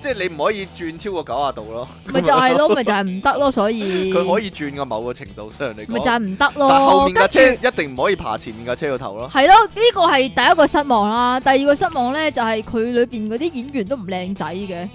即係你唔可以轉超過九十度咯，咪就係、是、咯，咪 就係唔得咯，所以佢 可以轉個某個程度上嚟講，咪就係唔得咯。後邊架車著一定唔可以爬前面架車個頭咯。係咯，呢、這個係第一個失望啦。第二個失望咧就係、是、佢裏邊嗰啲演員都唔靚仔嘅。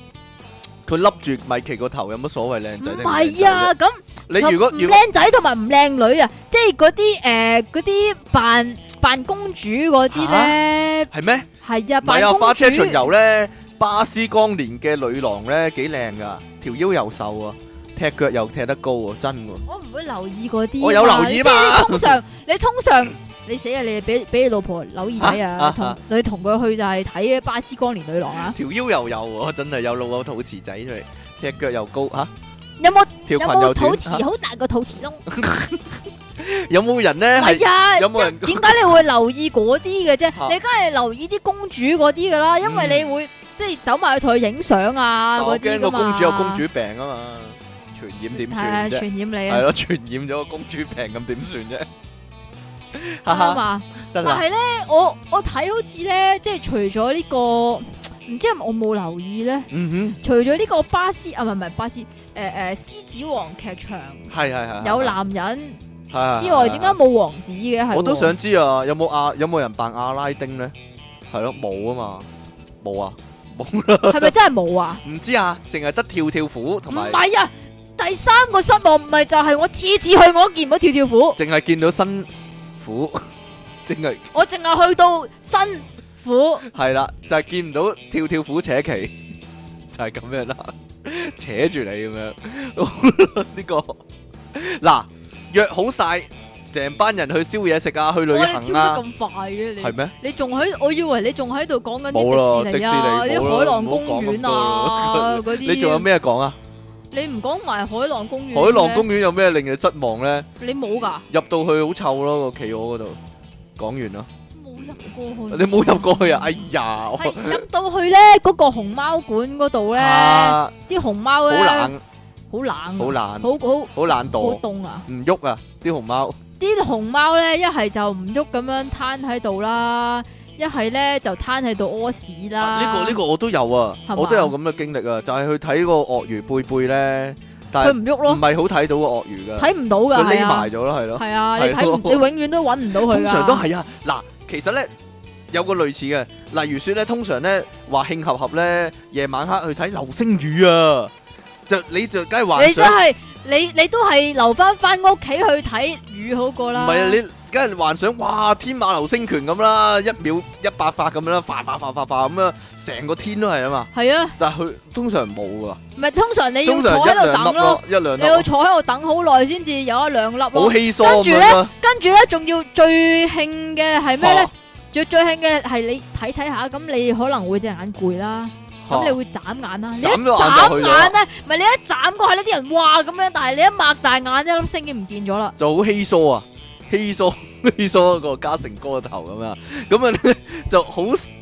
佢笠住米奇個頭有乜所謂靚仔咧？係啊，咁、啊、你如果唔靚仔同埋唔靚女啊，即係嗰啲誒嗰啲扮扮公主嗰啲咧，係咩、啊？係啊，花車巡遊咧。巴斯光年嘅女郎咧幾靚噶，條腰又瘦啊，踢腳又踢得高啊，真㗎。我唔會留意嗰啲。我有留意嘛？通常你通常你死啊！你俾俾你老婆留意睇啊，同你同佢去就係睇巴斯光年女郎啊。條腰又有喎，真係有露個肚臍仔出嚟，踢腳又高吓。有冇條裙？有冇肚臍？好大個肚臍窿。有冇人咧？係啊，即係點解你會留意嗰啲嘅啫？你梗係留意啲公主嗰啲噶啦，因為你會。即係走埋去同佢影相啊！我驚個公主有公主病啊嘛，傳染點算啫？係啊，傳染你係咯，傳染咗個公主病咁點算啫？哈哈，但係咧，我我睇好似咧，即係除咗呢個，唔知係我冇留意咧。嗯哼除咗呢個巴斯啊，唔係唔係巴斯，誒誒，獅子王劇場係係係有男人之外，點解冇王子嘅？哦、我都想知啊，有冇阿有冇人扮阿拉丁咧？係咯，冇啊嘛，冇啊。係咪 真係冇啊？唔知啊，淨係得跳跳虎同埋。唔係啊，第三個失望唔係就係我次次去我都見唔到跳跳虎，淨係見到新虎，淨係。我淨係去到新虎。係啦， 就係見唔到跳跳虎扯旗，就係咁樣啦， 扯住你咁樣。呢個嗱約好晒。成班人去燒嘢食啊，去旅行啦！哇，你超得咁快嘅你，你仲喺，我以為你仲喺度講緊啲迪士尼啊，啲海浪公園啊，嗰啲。你仲有咩講啊？你唔講埋海浪公園？海浪公園有咩令你失望咧？你冇噶？入到去好臭咯，個企鵝嗰度。講完啦。冇入過去。你冇入過去啊？哎呀！係入到去咧，嗰個熊貓館嗰度咧，啲熊貓咧好冷，好冷，好冷，好好好懶惰。好凍啊！唔喐啊！啲熊貓。啲熊貓咧，一係就唔喐咁樣癱喺度啦，一係咧就癱喺度屙屎啦。呢、啊這個呢、這個我都有啊，嗎我都有咁嘅經歷啊，就係、是、去睇個鱷魚貝貝咧，但係佢唔喐咯，唔係好睇到個鱷魚噶，睇唔到噶，佢匿埋咗咯，係咯，係啊，了你睇 你永遠都搵唔到佢。通常都係啊，嗱，其實咧有個類似嘅，例如說咧，通常咧話慶合合咧夜晚黑去睇流星雨啊，就你就梗係幻想。想說 你你都係留翻翻屋企去睇雨好過啦。唔係啊，你梗係幻想哇天馬流星拳咁啦，一秒一百發咁樣啦，發發發發發咁樣，成個天都係啊嘛。係啊，但係佢通常冇噶。唔係，通常你要坐喺度等咯，一兩，你要坐喺度等好耐先至有一兩粒咯。好稀疏咁樣。跟住咧，跟住咧，仲要最興嘅係咩咧？最最興嘅係你睇睇下，咁你可能會隻眼攰啦。咁你會眨眼啦，你一眨眼咧，唔係你一眨過去咧啲人哇咁樣，但係你一擘大眼一粒星已經唔見咗啦，就好稀疏啊，稀疏稀疏個嘉誠哥個頭咁樣，咁啊就好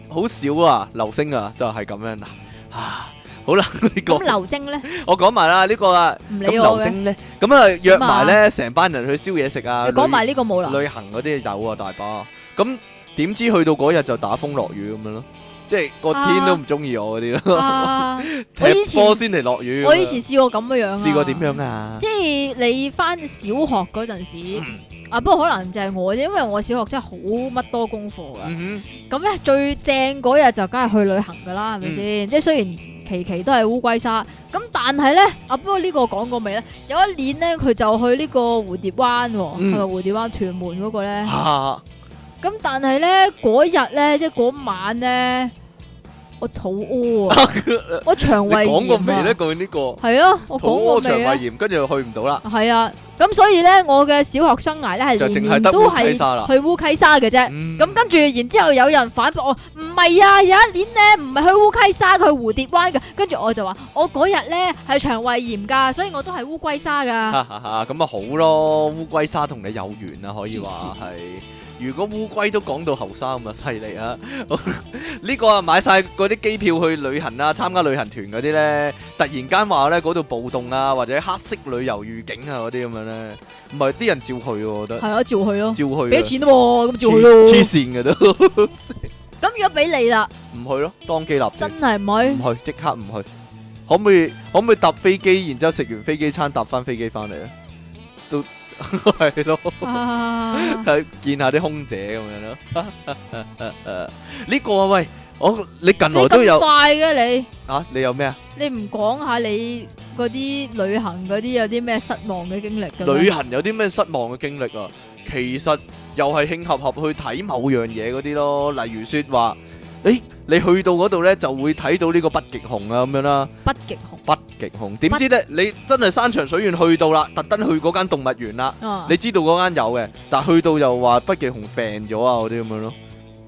好少啊流星啊就係咁樣啦，啊好啦呢個，咁流星咧，我講埋啦呢個啊，咁流星咧，咁啊約埋咧成班人去燒嘢食啊，講埋呢個冇啦，旅行嗰啲有啊大把，咁點知去到嗰日就打風落雨咁樣咯。即係個天都唔中意我嗰啲咯，睇波先嚟落雨。我以前試過咁嘅樣，試過點樣啊？啊、即係你翻小學嗰陣時、嗯、啊，不過可能就係我，因為我小學真係好乜多功課噶。咁咧、嗯、最正嗰日就梗係去旅行噶啦，係咪先？即係雖然期期都係烏龜沙，咁但係咧啊，不過呢個講過未咧？有一年咧，佢就去呢個蝴蝶灣，係咪、嗯、蝴蝶灣屯門嗰個咧？咁、啊啊、但係咧嗰日咧，即係嗰晚咧。我肚屙啊！ 我腸胃炎啊！講過未呢句呢、這個係咯、啊，我講過未啊？腸胃炎跟住去唔到啦。係啊，咁所以咧，我嘅小學生涯咧係年年都係去烏溪沙嘅啫。咁跟住，然之後有人反駁我，唔係啊！有一年咧，唔係去烏溪沙，去蝴蝶灣嘅。跟住我就話，我嗰日咧係腸胃炎噶，所以我都係烏龜沙噶。咁啊 好咯，烏龜沙同你有緣啊，可以話係。如果烏龜都講到後生咁啊，犀利啊！呢個啊，買晒嗰啲機票去旅行啊，參加旅行團嗰啲咧，突然間話咧嗰度暴動啊，或者黑色旅遊預警啊嗰啲咁樣咧，唔係啲人照去我覺得。係啊，照去咯，照去。俾錢咯，咁照去咯。黐線㗎都。咁如果俾你啦，唔去咯，當機立斷。真係唔去，唔去即刻唔去。可唔可以，可唔可以搭飛機，然之後食完飛機餐，搭翻飛機翻嚟啊？都。係咯，去見下啲空姐咁樣咯。呢個啊，喂，我你近來都有快嘅你啊？你有咩啊？你唔講下你嗰啲旅行嗰啲有啲咩失望嘅經歷噶？旅行有啲咩失望嘅經歷啊？其實又係興合合去睇某樣嘢嗰啲咯，例如說話。誒，你去到嗰度咧，就會睇到呢個北極熊啊，咁樣啦。北極熊。北極熊，點知咧？你真係山長水遠去到啦，特登去嗰間動物園啦。哦。你知道嗰間有嘅，但係去到又話北極熊病咗啊，嗰啲咁樣咯。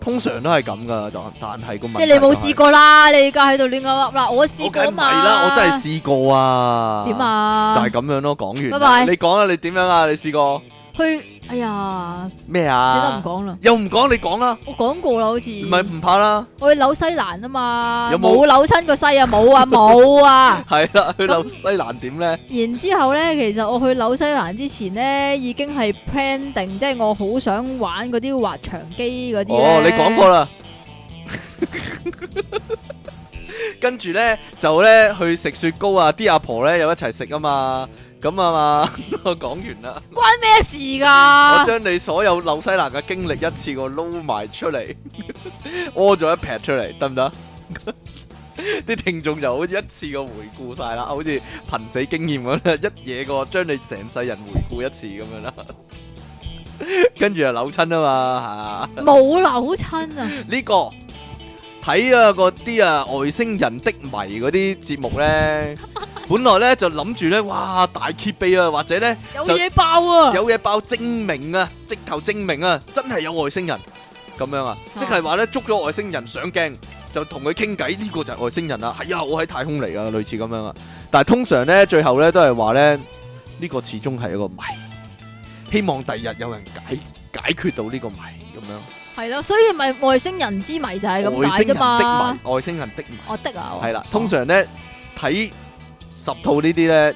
通常都係咁㗎，但但係個問。即係你冇試過啦，你而家喺度亂咁噏啦，我試過嘛。唔係啦，我真係試過啊。點啊？就係咁樣咯，講完。拜拜。你講啦，你點樣啊？你試過。去，哎呀，咩啊？死得唔講啦，又唔講，你講啦。我講過啦，好似唔係唔怕啦。我去紐西蘭啊嘛，有冇扭親個西啊？冇啊，冇 啊。係啦， 去紐西蘭點咧？然之後咧，其實我去紐西蘭之前咧，已經係 plan 定，即係我好想玩嗰啲滑翔機嗰啲。哦，你講過啦。 跟住咧，就咧去食雪糕啊！啲阿婆咧又一齊食啊嘛。咁啊嘛，我講完啦。關咩事噶？我將你所有紐西蘭嘅經歷一次過撈埋出嚟，屙咗一撇出嚟，得唔得？啲聽眾就好似一次過回顧晒啦，好似瀕死經驗咁，一嘢過將你成世人回顧一次咁樣啦。跟住又扭親啊嘛，吓！冇扭親啊，呢個。睇啊個啲啊外星人的謎嗰啲節目呢，本來呢就諗住呢，哇大揭秘啊，或者呢有嘢爆啊，有嘢爆證明啊，直頭證明啊，真係有外星人咁樣啊，即係話呢捉咗外星人上鏡就同佢傾偈，呢個就係外星人啦，係啊，我喺太空嚟噶，類似咁樣啊。但係通常呢，最後呢都係話呢呢個始終係一個謎，希望第日有人解解決到呢個謎咁樣。係咯，所以咪外星人之謎就係咁解啫嘛。外星人的謎，外星人的謎。我的啊。係啦，通常咧睇十套呢啲咧，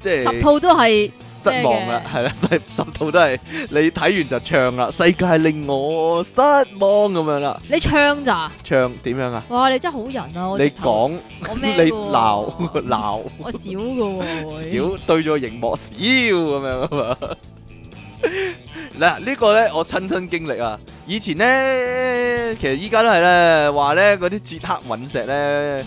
即係十套都係失望啦，係啦，十十套都係你睇完就唱啦，世界係令我失望咁樣啦。你唱咋？唱點樣啊？哇，你真係好人啊！你講，你鬧鬧，我少噶，少對咗熒幕少咁樣啊嘛。嗱，呢個咧我親身經歷啊！以前咧，其實依家都係咧話咧嗰啲捷克隕石咧，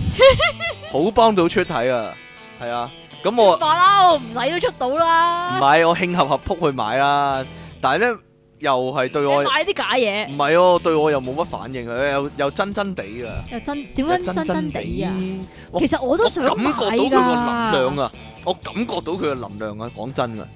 好幫到出體啊！係啊，咁我話啦，我唔使都出到啦。唔係，我興合合撲去買啦。但係咧，又係對我買啲假嘢，唔係哦，對我又冇乜反應啊！又又真真地噶，又真點樣真真地啊？其實我都想感覺到佢個能量啊！我感覺到佢個能量啊！講真啊！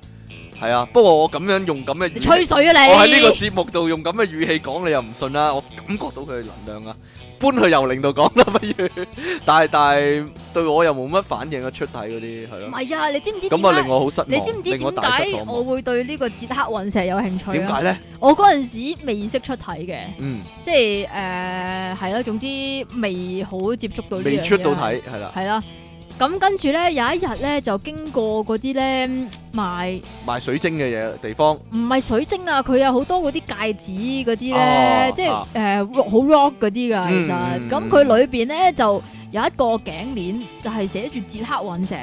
係啊，不過我咁樣用咁嘅，你吹水啊你！我喺呢個節目度用咁嘅語氣講，你又唔信啦、啊。我感覺到佢嘅能量啊，搬去由領度講啦不如，但係但係對我又冇乜反應啊，出體嗰啲係咯。唔係啊，啊，你知唔知？咁啊令我好失望。你知唔知點解我會對呢個捷克隕石有興趣、啊？點解咧？我嗰陣時未識出體嘅，嗯即，即係誒係咯，總之未好接觸到呢樣，未出到體係啦，係啦、啊。咁跟住咧，有一日咧就經過嗰啲咧賣賣水晶嘅嘢地方，唔係水晶啊，佢有好多嗰啲戒指嗰啲咧，即係誒好 rock 嗰啲噶，其實咁佢裏邊咧就有一個頸鏈，就係寫住捷克隕石，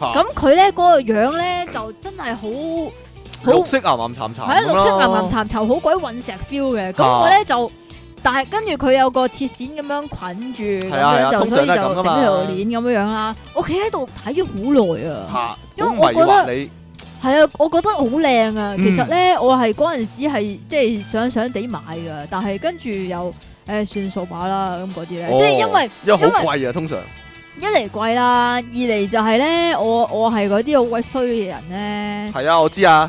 咁佢咧嗰個樣咧就真係好好色岩岩慘慘，係啊，綠色岩岩慘慘，好鬼隕石 feel 嘅，咁我咧就。但係跟住佢有個鐵線咁樣捆住，就所以就整條鏈咁樣啦。我企喺度睇咗好耐啊，因為我覺得係啊，我覺得好靚啊。其實咧，嗯、我係嗰陣時係即係想想哋買㗎，但係跟住又誒算數把啦咁嗰啲咧，即係、哦、因為因為好貴啊，通常一嚟貴啦，二嚟就係、是、咧，我我係嗰啲好鬼衰嘅人咧。係啊，我知啊。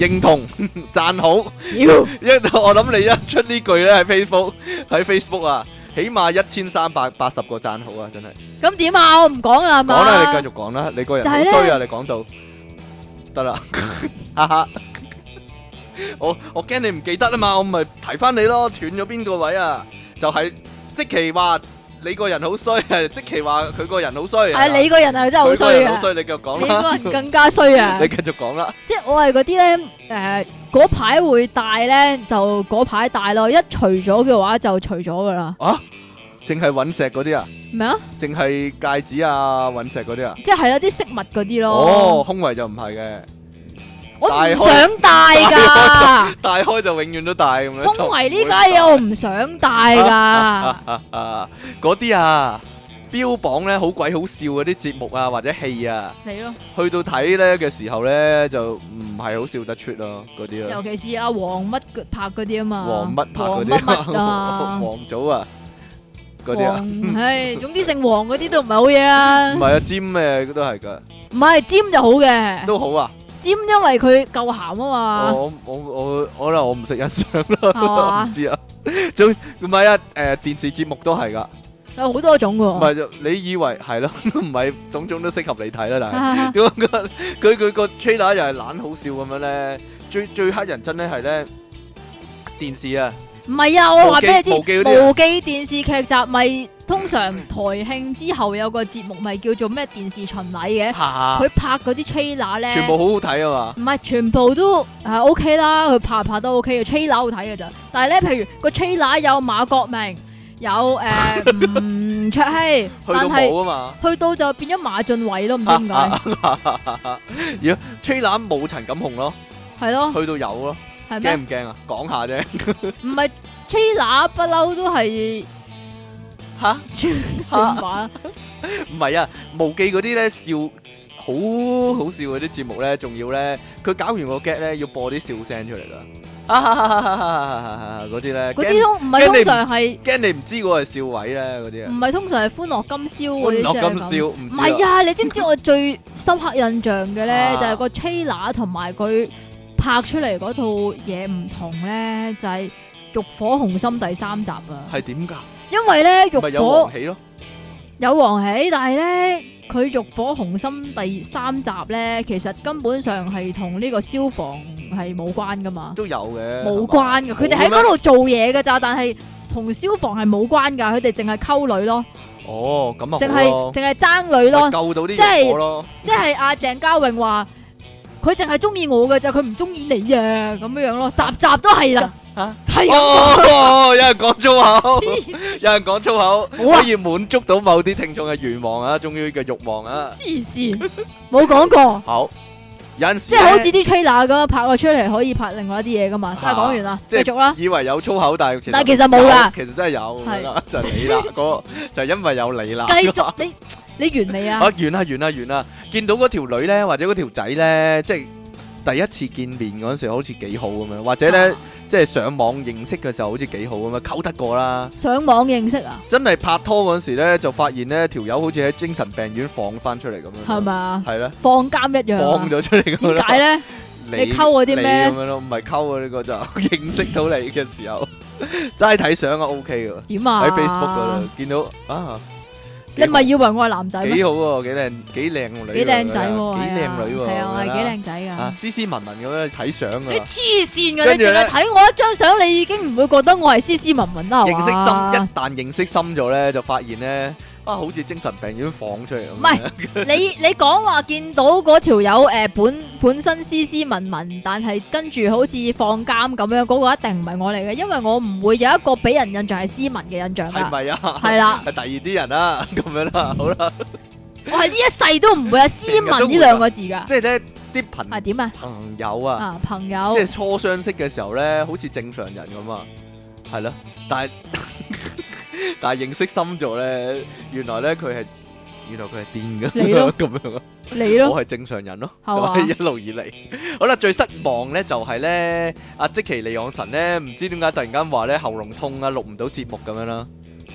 認同，讚 讚好，一 我諗你一出呢句咧喺 Facebook 喺 Facebook 啊，起碼一千三百八十個讚好啊，真係。咁點啊？我唔講啦，係嘛？講啦，你繼續講啦，你個人好衰啊！你講到得啦，哈哈， 我我驚你唔記得啦嘛，我咪提翻你咯，斷咗邊個位啊？就係、是、即其話。你個人好衰啊！即其話佢個人好衰。係你個人啊，真係好衰。你繼續講你個人更加衰啊！ 你繼續講啦。即係我係嗰啲咧，誒嗰排會戴咧，就嗰排戴咯。一除咗嘅話，就除咗噶啦。啊！淨係鑽石嗰啲啊？咩啊麼？淨係戒指啊、鑽石嗰啲啊？即係係有啲飾物嗰啲咯。哦，胸圍就唔係嘅。我唔想戴噶，戴開就永遠都戴咁樣。風圍呢家嘢我唔想戴噶。啊啊啊！嗰啲啊，標榜咧好鬼好笑嗰啲節目啊，或者戲啊，係咯，去到睇咧嘅時候咧就唔係好笑得出咯，嗰啲啊。尤其是阿黃乜拍嗰啲啊嘛，黃乜拍嗰啲啊嘛，黃祖啊嗰啲啊，唉，總之姓黃嗰啲都唔係好嘢啊。唔係啊，尖咩都係噶。唔係尖就好嘅，都好啊。尖，因為佢夠咸啊嘛。我我我可能我唔識欣賞啦，唔知啊。總唔係啊？誒，電視節目都係噶，有好多種噶。唔係就你以為係咯，唔係種種都適合你睇啦。但係佢佢個 china 又係懶好笑咁樣咧。最最黑人憎咧係咧電視啊。唔係啊，我話畀你知無記電視劇集咪。通常台慶之後有個節目咪叫做咩電視巡禮嘅，佢、啊、拍嗰啲 trail 咧，全部好好睇啊嘛！唔係全部都係、呃、OK 啦，佢拍拍都 OK 嘅 trail 好睇嘅咋。但係咧，譬如個 trail 有馬國明，有誒吳、呃嗯、 卓羲，但係去到啊嘛，去到就變咗馬浚偉 咯，唔知點解。而 trail 冇陳錦鴻咯，係咯，去到有咯，係咩？驚唔驚啊？講下啫， 唔係 trail 不嬲都係。吓，算唔算話？唔係啊，無記嗰啲咧笑，好好笑嗰啲節目咧，仲要咧，佢搞完個 game 咧，要播啲笑聲出嚟㗎。嗰啲咧，嗰啲都唔係，通常係驚你唔知嗰個笑位咧，嗰啲啊。唔係通常係歡樂今宵嗰啲笑。唔係啊，你知唔知我最深刻印象嘅咧，就係個 Chandler 同埋佢拍出嚟嗰套嘢唔同咧，就係《浴火雄心》第三集啊。係點㗎？因為咧，烈火有王喜咯，有王喜。但係咧，佢烈火雄心第三集咧，其實根本上係同呢個消防係冇關噶嘛，都有嘅，冇關噶，佢哋喺嗰度做嘢噶咋，但係同消防係冇關噶，佢哋淨係溝女咯，哦、oh，咁啊，淨係淨係爭女咯，救到啲火咯，即係阿鄭嘉穎話佢淨係中意我噶就佢唔中意你啊，咁樣樣咯，集集都係啦。 啊！哦，有人講粗口，有人講粗口，可以滿足到某啲聽眾嘅願望啊，終於嘅欲望啊！黐線，冇講過。好，有陣時即係好似啲 trainer 咁樣拍咗出嚟，可以拍另外一啲嘢噶嘛？係。講完啦，繼續啦。以為有粗口，但係其實冇啦。其實真係有，係啦，就你啦，嗰就係因為有你啦。繼續，你你完未啊？啊，完啦，完啦，完啦！見到嗰條女咧，或者嗰條仔咧，即係。第一次見面嗰陣時好似幾好咁樣，或者咧、啊、即係上網認識嘅時候好似幾好咁樣，溝得過啦。上網認識啊？真係拍拖嗰陣時咧，就發現咧條友好似喺精神病院放翻出嚟咁樣。係咪啊？係咧嗎。放監一樣、啊。放咗出嚟。點解咧？你，你溝嗰啲咩？唔係溝啊、呢個！呢個就認識到你嘅時候，真係睇相我 OK 嘅。點啊？喺 Facebook 嗰度見到啊。你咪以為我係男仔咩、啊？幾好喎，幾靚，幾靚女。啊、幾靚仔幾靚女喎，係啊，的啊，我係幾靚仔噶，斯斯、啊、文文咁樣，睇相啊！你痴線嘅，你淨係睇我一張相，你已經唔會覺得我係斯斯文文啦，係嘛？認識深，一旦認識深咗咧，就發現咧。好似精神病院放出嚟咁，唔係你，你講話見到嗰條友誒本本身斯斯文文，但係跟住好似放監咁樣，嗰、嗰個一定唔係我嚟嘅，因為我唔會有一個俾人印象係斯文嘅印象噶係咪啊？係啦，係第二啲人啊，咁樣啦，好啦，我係呢一世都唔會有斯文呢兩、啊、個字噶，即係咧啲朋係點啊？朋友啊，啊，朋友，即係初相識嘅時候咧，好似正常人咁啊，係咯，但係。 但係認識深咗咧，原來咧佢係，原來佢係癲噶咁樣啊！你咯，我係正常人咯，係一路以嚟。好啦，最失望咧就係咧，阿積淇離岸神咧，唔知點解突然間話咧喉嚨痛啊，錄唔到節目咁樣啦，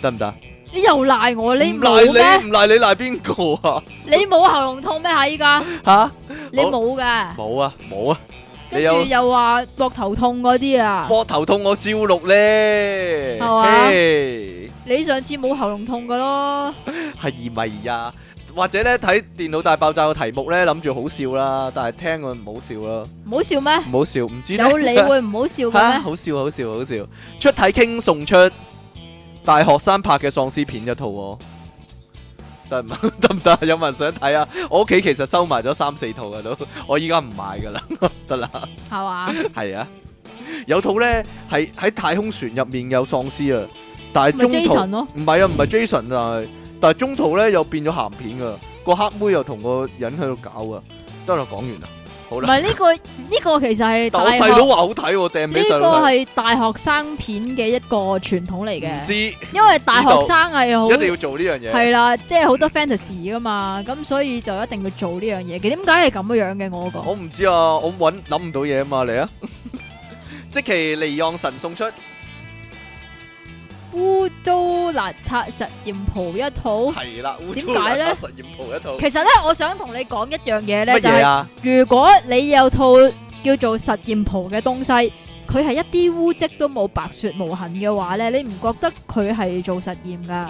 得唔得？你又賴我，你唔賴你唔賴你賴邊個啊？你冇喉嚨痛咩？吓依家，吓，你冇嘅，冇啊冇啊！又話膊頭痛嗰啲啊，膊頭痛我照錄咧，係吧 Hey. 你上次冇喉嚨痛噶咯？係二咪係呀？或者咧睇電腦大爆炸嘅題目咧，諗住好笑啦，但係聽佢唔好笑咯，唔好笑咩？唔好笑，唔知咧。有你會唔好笑嘅咩， 啊？好笑好笑好笑，出體 king 送出大學生拍嘅喪屍片一套，哦。得唔得？得唔得 有冇人想睇啊？ 我屋企其實收埋咗三四套嘅都，我依家唔買噶啦，得 啦了。係嘛吧？係啊， 有套咧係喺太空船入面有喪屍是啊，Jason, 但係 中途唔係啊，唔係 Jason 啊，但係中途咧又變咗咸片噶，個黑妹又同個人喺度搞啊，得啦講完啦。唔係呢個呢，這個其實係，但我細佬話好睇，啊，掟俾上。呢個係大學生片嘅一個傳統嚟嘅。知，因為大學生係好一定要做呢樣嘢。係啦，即係好多 fantasy 噶嘛，咁所以就一定要做呢樣嘢。點解係咁樣嘅？我講，我唔知啊，我搵諗唔到嘢啊嘛，嚟啊！ 積淇離岸神送出。污糟邋遢實驗袍一套，係啦，點解咧？實驗袍一套，其實咧，我想同你講一樣嘢咧，啊、就係、是、如果你有套叫做實驗袍嘅東西，佢係一啲污漬都冇，白雪無痕嘅話咧，你唔覺得佢係做實驗噶？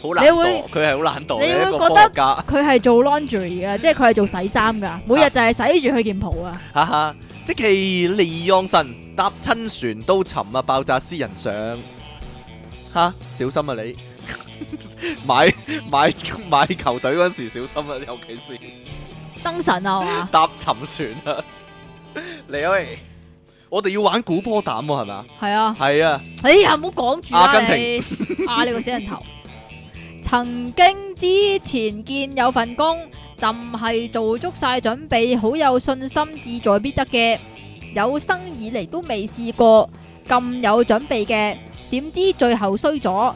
好懶惰，佢係好懶度。你會覺得佢係做 laundry 噶， 即係佢係做洗衫噶，每日就係洗住佢件袍的啊！哈哈，積淇離岸神搭親船都沉啊，爆炸私人上。吓！小心啊你， 買買買球隊嗰時小心啊，尤其是燈神啊嘛， 搭沉船啊， 啊！嚟，喂，我哋要玩古波膽啊，係咪是啊？係是啊，係啊！哎呀，唔好講住啦，阿根廷，你啊個死人頭， 曾經之前見有份工，真係做足晒準備，好有信心志在必得嘅，有生以嚟都未試過咁有準備嘅。點知最後衰咗，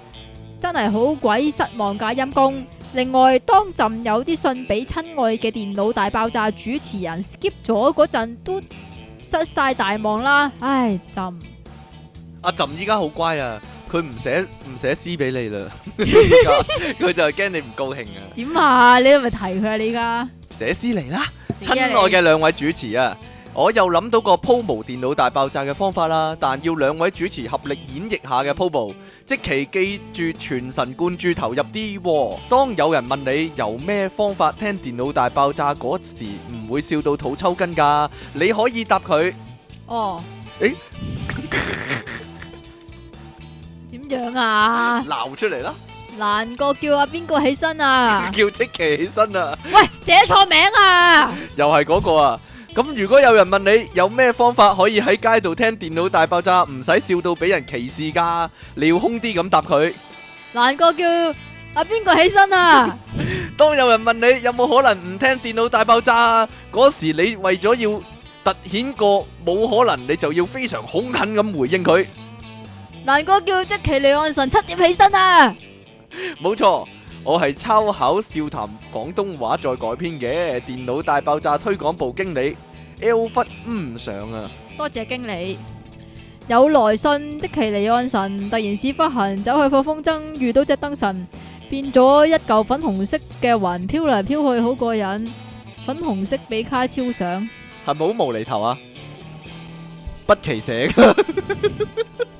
真係好鬼失望架，陰功。另外，當朕有啲信俾親愛嘅電腦大爆炸主持人 skip 咗嗰陣，都失晒大望啦。唉，朕阿朕依家好乖啊，佢唔寫唔寫詩俾你啦，佢 就係驚你唔高興啊。點啊？你係咪提佢啊？你依家寫詩嚟啦，親愛嘅兩位主持人，啊。我又諗到個鋪模電腦大爆炸嘅方法啦，但要兩位主持合力演繹下嘅鋪模，積淇記住全神貫注投入啲。當有人問你由咩方法聽電腦大爆炸嗰時唔會笑到肚抽筋噶，你可以答佢。哦，誒，點樣啊？鬧出嚟啦。難過叫阿邊個起身啊？叫積淇起身啊？喂，寫錯名啊？又係嗰個啊？咁如果有人問你有咩方法可以喺街度聽電腦大爆炸唔使笑到俾人歧視噶，你要凶啲咁答佢。難哥叫阿邊個起身啊？當有人問你有冇可能唔聽電腦大爆炸嗰時，你為咗要突顯個冇可能，你就要非常凶狠咁回應佢。難哥叫積淇離岸神七點起身啊？冇錯。我係秋口笑談廣東話再改編嘅《電腦大爆炸推廣部經理》，L 不唔上啊！多謝經理，有來信積淇離岸神突然屎忽痕，走去放風箏，遇到隻燈神，變咗一舊粉紅色嘅雲飄嚟飄去好過癮，粉紅色比卡超上，係咪好無厘頭啊？ 不其寫。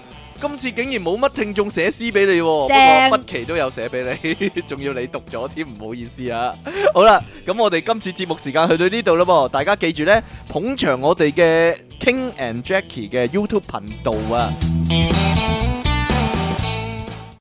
今次竟然冇乜聽眾寫詩俾你喎，不過乜期都有寫俾你，仲要你讀咗添，唔好意思啊！好啦，咁我哋今次節目時間去到呢度咯噃，大家記住呢捧場我哋嘅 King and Jackie 嘅 YouTube 頻道啊！